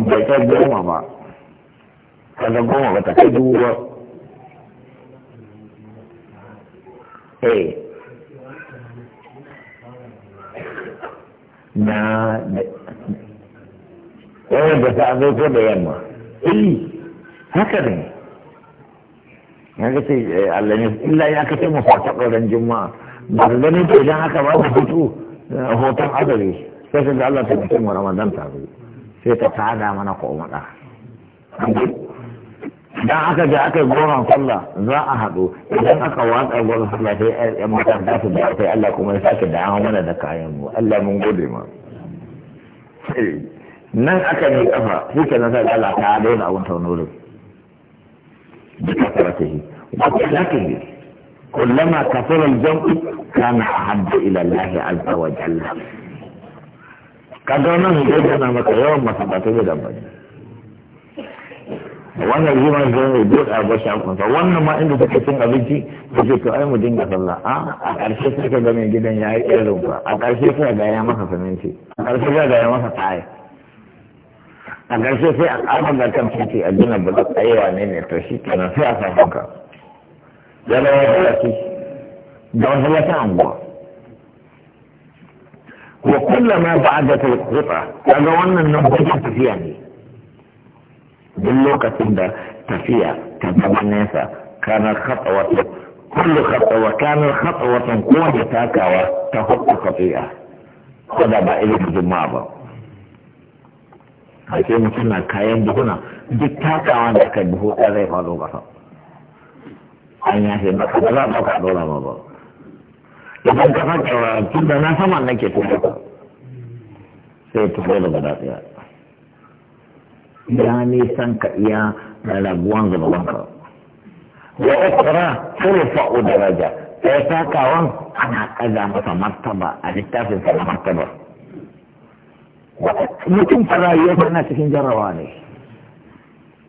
bai kai goma ba kaga goma ba ta kai dubu ba eh na yawan eh, da da yamma eh haka ne ya ga ce eh, Allah ne illa ya ka ce mu fata juma'a ba ka gani idan haka ba ku fito eh, hoton azare sai ka ga Allah ta Ramadan ta zo sai ta tada mana ko maɗa. dan aka ga aka goron sallah za a haɗu idan aka watsa goron sallah sai ya mata za su da sai Allah kuma ya sake da mana da kayan mu Allah mun gode ma nan aka ne kafa shi ke nan sai Allah ta daina abun taunurin duka karatihi wa kullu kullama kasara al-jam'u kana ahabbu ila Allah azza wa jalla kaga nan dai kana maka yawan masallatai da bani wannan shi ma zai mai dole a bashi akunsa wannan ma inda suke cin abinci da ke to ai mu dinga sallah a a ƙarshe sai ka ga mai gidan ya yi irin ba a ƙarshe sai ga ya masa siminti a ƙarshe sai ga ya masa tsaye a ƙarshe sai a ƙafa ga kan titi a gina ba zai tsayewa ne ne to shi kenan sai a samu ka ya da wata shi da wata wata anguwa wa da ta khutba kaga wannan nan ba tafiya ne lokacin da tafiya ta zama nesa kana khatawatu kullu khatawa kana khatawatan kowace takawa ta hukku khati'a ko da ba irin juma'a ba a ce mutum na kayan buhuna duk takawa da aka buhu ɗaya zai faɗo sa an yafe maka ba za a ɗauka ɗora ba ba idan ka faɗa tun da na saman nake tafiya sai tafiya da guda ɗaya ya nisan ka iya raguwan zunubanka wa ukra turfa'u daraja sai takawan ana kaza masa martaba a littafin sa martaba mutum fara yau na cikin jarawa ne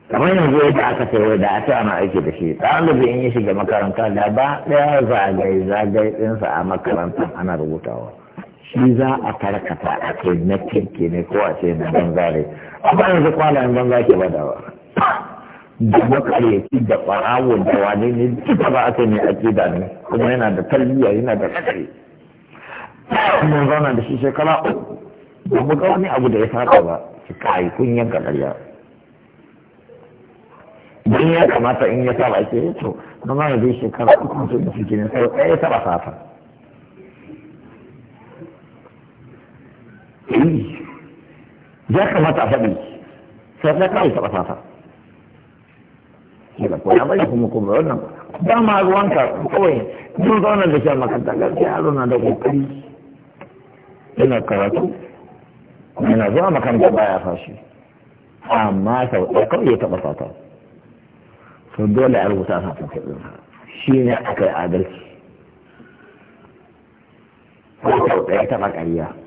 kamar yanzu ya yadda aka sai da a ana aiki da shi ɗalibi in yi shiga makaranta da ba ɗaya zagaye zagaye ɗinsa a makarantar ana rubutawa shi za a karkata a ce na kirki ne ko a ce na banza ne ba yanzu kwanayen banza ke badawa da makaryaci da ɓarawun da wane ne duka ba a ce ne akida ne kuma yana da tarbiyya yana da tsakari mun zauna da shi shekara uku ba mu ga wani abu da ya saka ba ki kai kun yanka karya. don ya kamata in ya saba ke to na zai shekara uku mutum da ne sai ya saba sata ya kamata a faɗi sai ta kawai taɓa fata kila ko ya bari kuma kuma wannan ba ma ruwanka kawai zauna da shi a gaskiya yaro na da kokari yana karatu yana zuwa fashi amma sau ya taɓa fata to dole a rubuta sa ta sa. shi ne aka yi adalci sau ɗaya taɓa ƙarya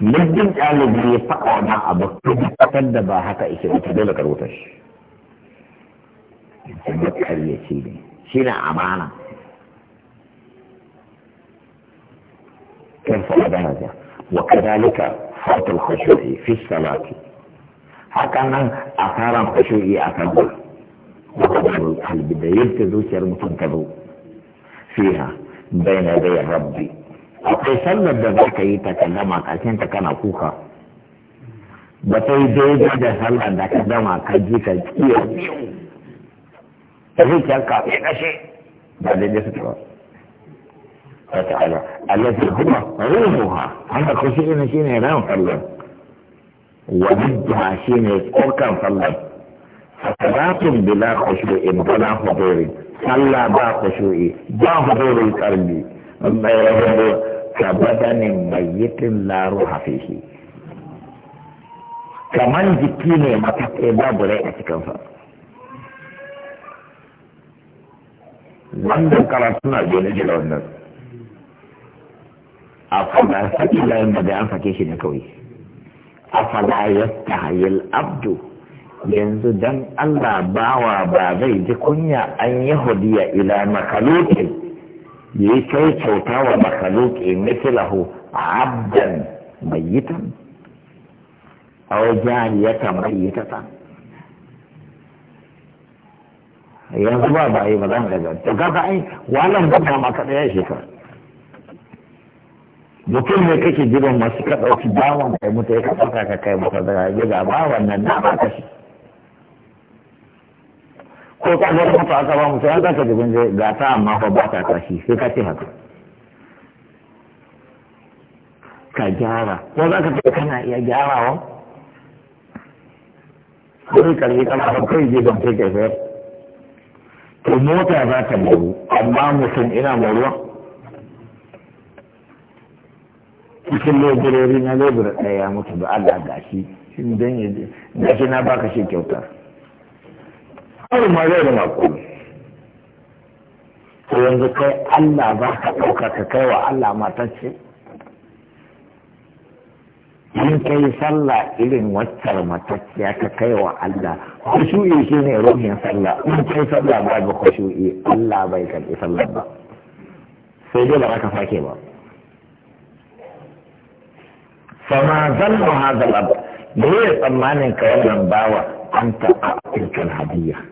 muddin ɗalibi ya faɗa wannan abu tabbatar da ba haka yake ba dole ka rubuta shi kuma ƙaryace ne shi na amana kan faɗa da haja wa kadalika fatul khushu'i fi salati hakan nan a faran khushu'i a kan kalbi da yadda zuciyar mutum ta zo fiha bayna da rabbi akwai sallar da za ka yi ta kallama kashin ta kana kuka ba ta yi daidai da sallar da ka dama ka ji ka kiyo ta zuciyar ka ya kashe ba daidai su ba ta ta'ala allazi huwa ruhuha haka ko shi ne shine ran sallar wa bidda shine tsokan sallar salatun bila in bala hudurin sallah ba khushu'i ba hudurin karbi Allah ya rabu ka badanin mayyitin laru hafihi kaman jiki ne matakai babu rai a cikinsa wannan karatu na jone jila wannan a fada saki layin da an sake shi ne kawai a fada ya tahayil abdu yanzu dan allah bawa ba zai ji kunya an yahudiya ila makalotin yayi kai kyauta wa in mithlahu abdan mayyitan aw jariyatan mayyitatan yanzu ba ba yi ba zan daga to kaga ai wannan ba ma kada yashi ka mutum ne kake gidan masu ka ɗauki bawan kai mutai ka saka ka kai mutai daga gida ba wannan na ba ka shi ko ka bar mutu aka ba mu sai an zaka jibin zai ga ta amma ko ba ta tashi sai ka ce haka ka gyara ko za ka ce kana iya gyarawa kai karbi kana ba kai je ban kai sai to mota za ta moru amma mutum ina moruwa cikin leburori na lebura ɗaya ya mutu da Allah gashi shi dan ya na baka shi kyauta abin ma zai zama komai to yanzu kai Allah ba ka ɗauka ka kai wa Allah matacce in kai sallah irin waccar matacciya ka kai wa Allah khushu'i shi ne ruhin sallah in kai sallah ba ga khushu'i Allah bai karɓi sallah ba sai dai ba ka sake ba fama zallu hadha al-abd da tsammanin ka wannan bawa anta a tilkal hadiyya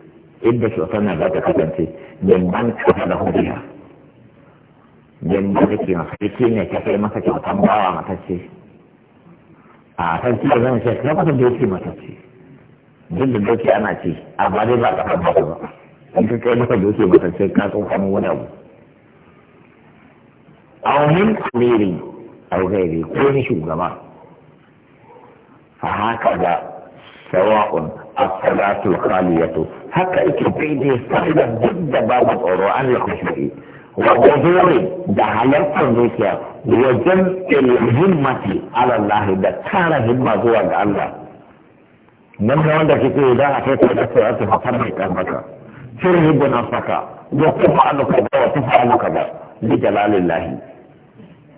inda kyautar na za ta kasance jamban kafa da huriya jamban da ke masa yake ne ka kai masa kyautar bawa matacce a sarki da zan shekara masa da yake matacce duk da doki ana ce a ba dai ba kafa ba ba in ka kai masa doki matacce ka tsokan wani abu a min amiri a gairi ko ni shugaba a haka da سواء الصلاة الخالية حتى يكفيدي صحيح جدا باب القرآن الخشوعي وحضور دعالات الذكر وجمع الهمة على الله إذا كان همة هو الله من عندك كتير إذا أتيت على في فصرفت أمرك ترهب نفسك وتفعل كذا وتفعل كذا لجلال الله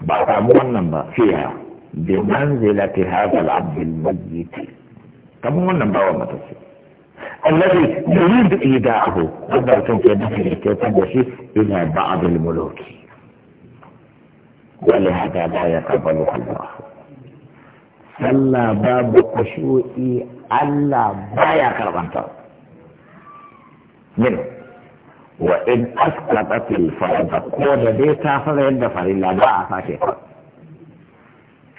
بعد أمرنا فيها بمنزلة هذا العبد الميت kamar wannan bawan matarsa الذي يريد إيداعه قدر كنت يدخل الكتاب شيء إلى بعض الملوك ولهذا لا يقبلها الله صلى باب خشوعي ألا بايا كربانتا منه وإن أسقطت الفرد قود دي تافر عند فريلا باع فاكفة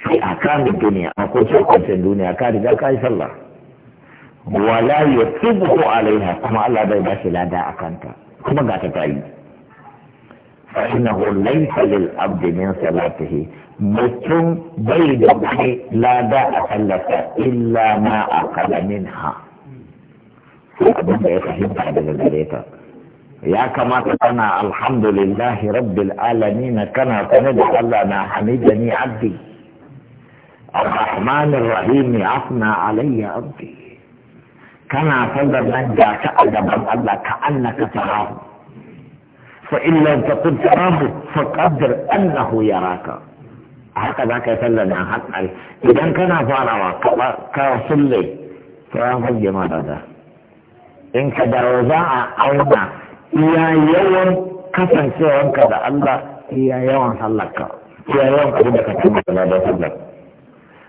في أكام الدنيا أقول شكرا في الدنيا كارجا كاي صلى الله ولا يتبه عليها كما الله بي لا داع كانت كما قاتت تعي فإنه ليس للأبد من صلاته مطلوب بيد لا داع كانت إلا ما أقل منها يا كما تقنا الحمد لله رب العالمين كنا تمد لنا حمدني عبدي الرحمن الرحيم عفنا علي عبدي kana sallar nan da ka a gaban Allah ka annaka tarahu fa in lam takun tarahu fa qaddar annahu yaraka haka za ka yi sallar nan har idan kana farawa ka sulle tarahu jama'a da in ka dawo za a auna iya yawan kasancewanka da Allah iya yawan sallarka iya yawan abin da ka tabbata da sallar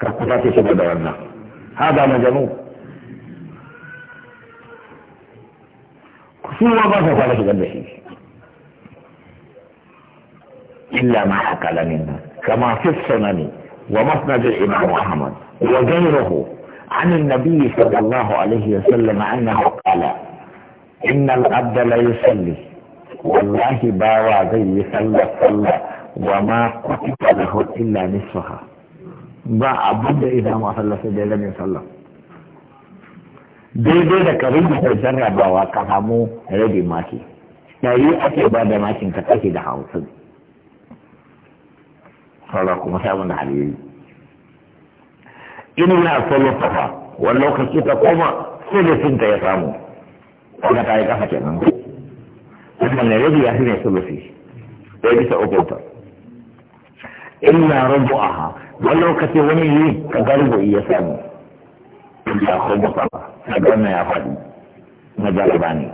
كالقطاطي شبه دوامنا هذا مجنون كثير ما بس هذا شيء قبل إلا ما حكى لنا كما في السنن ومسند الإمام أحمد وغيره عن النبي صلى الله عليه وسلم أنه قال إن العبد لا يصلي والله باوى زي صلى صلى وما قتل له إلا نصفها ba a bada ita ma sallah sai dai ganin sallah daidai da ka rubuta jarrabawa ka samu rabi maki ɗari ake ba da makin ka kake da hamsin sauran kuma sai abin da halili in na salo kafa wani lokaci ta koma sun ta ya samu wanda ta yi kafa kuma ne rabi ya fi ne sulusi ɗaya bisa uku ta illa rabu'aha wani lokaci wani yi ka garbo iya samu ya kuma fara ya faɗi na jaraba ne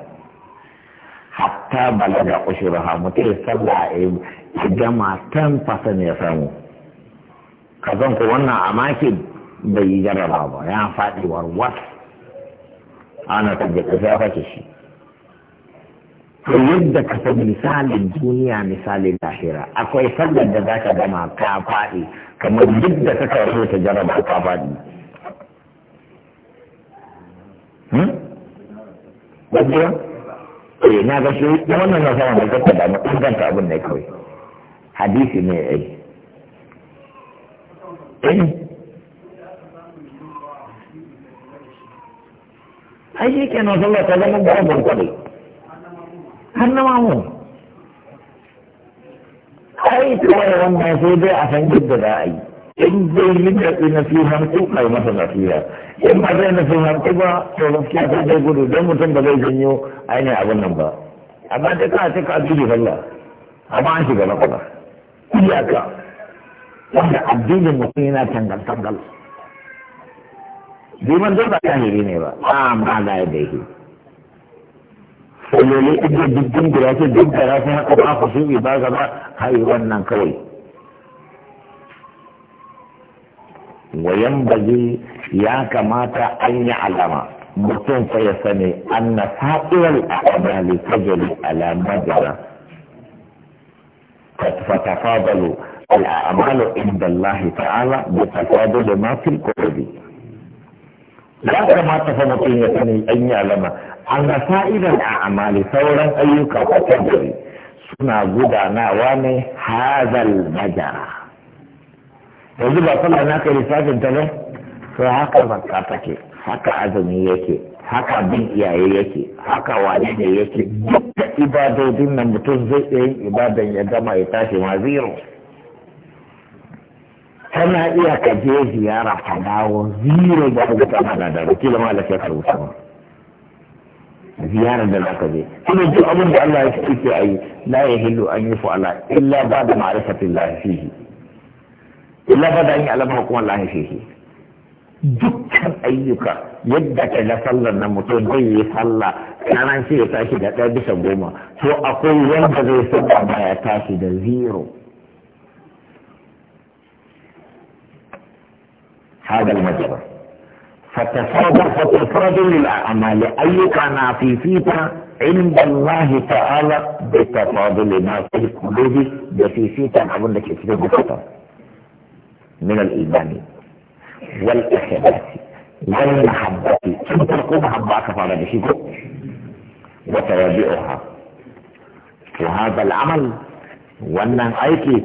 hatta balaga ha mutum ya sallah ya gama tan fasan ya samu Ka zan ku wannan a makin? bai yi jaraba ba ya faɗi warwas ana ta tabbata ya fashe shi to yadda ka san misalin duniya misalin lahira akwai sallar da za ka gama ka faɗi kamar duk da ka kawo ta jaraba ka faɗi Wajiya? Hmm? Eh, na ga shi na wannan na sama mai zaka da mutum ganta abin ne kawai. Hadisi ne ya eh. yi. Eh? Ai shi kenan sallar ta zama ba abin kwadai. har na mamu ai kawai wannan sai dai a san yadda za a yi in zai yi da na fi hanku kai masa nasiha in ba zai na fi hanku ba to gaskiya sai dai gudu don mutum ba zai janyo ainihin abin nan ba amma dai ka ce ka addini sallah amma an shiga na kula iyaka wanda addinin mutum yana tangal-tangal. Biman zai ba hiri ne ba, amma ga ya yake. salloli ɗin da ya ce da ya san haka ba ku shi ba gaba hayi wannan kawai wayan baje ya kamata an yi alama mutum fa ya sani an na fa'irar a'amali tajali alama jara fatafadalu al'amalu inda Allah ta'ala bi tafadalu ma fil qulubi ya kamata fa mutum ya sani an yi alama an ga fa'idan a amali sauran ayyuka ko suna gudanawa ne hazal majara yanzu ba sallah na kai lissafin ta ne to haka zakka take haka azumi yake haka bin iyaye yake haka wani ne yake duk ibadodin nan mutum zai iya yin ibadan ya gama ya tashi ma zero tana iya ka je ziyara ka dawo zero ba ka ta ba da da kila ma da ka rubuta ba ziyarar da naka je kuma duk abin da Allah ya ce a yi la ya hillu an yi fa'ala illa ba da ma'rifatin lahi fihi illa ba da an yi alama kuma lahi fihi dukkan ayyuka yadda ka ga sallar na mutum zai yi sallah ranar shi ya tashi da ɗaya bisa goma to akwai wanda zai sallah ba ya tashi da zero هذا المجرى فتفاضل فتفاضل الاعمال في فيتا عند الله تعالى بتفاضل ما في القلوب بفيفيتا اقول لك اسلوب خطر من الايمان والاخلاص والمحبة كم تلقوا محبة فعلى بشيكم وتواجئها وهذا العمل وانا ايكي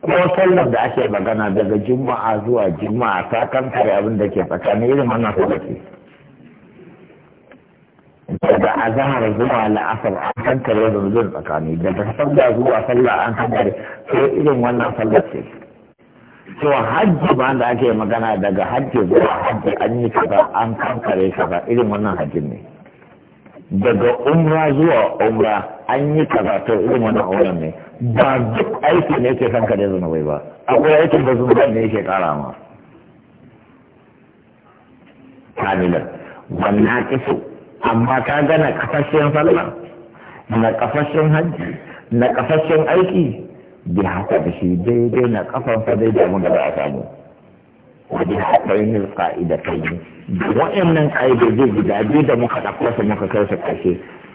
ko sallar da ake magana daga juma'a zuwa juma'a ta kankare abin da ke tsakanin irin wannan salati daga azahar zuwa la'asar an kankare da zuwa tsakani daga sallah zuwa sallah an kankare sai irin wannan sallar ce to hajji ba da ake magana daga hajji zuwa hajji an yi kaza an kankare kaza irin wannan hajji ne daga umra zuwa umra an yi kaza to irin wannan auren ne ba duk aiki ne yake kanka da zunubai ba akwai aikin da zunubai ne yake kara ma kamilan wannan kisu amma ka ga na kafashen sallah na kafashen hajji na kafashen aiki bi haka da shi daidai na fa daidai mun da za a samu wajen haɗarin ka'idatai ne da waɗannan ka'idoji guda biyu da muka ɗauko su muka kai su kashe.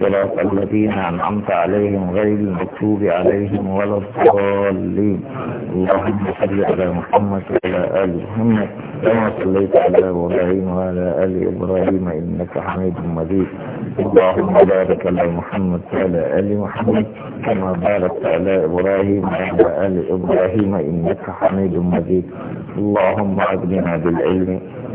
الصراط الذين أنعمت عليهم غير المكتوب عليهم ولا الضالين اللهم صل على محمد وعلى آل محمد كما صليت على إبراهيم وعلى آل إبراهيم إنك حميد مجيد اللهم بارك على محمد وعلى آل محمد كما باركت على إبراهيم وعلى آل إبراهيم إنك حميد مجيد اللهم أغننا بالعلم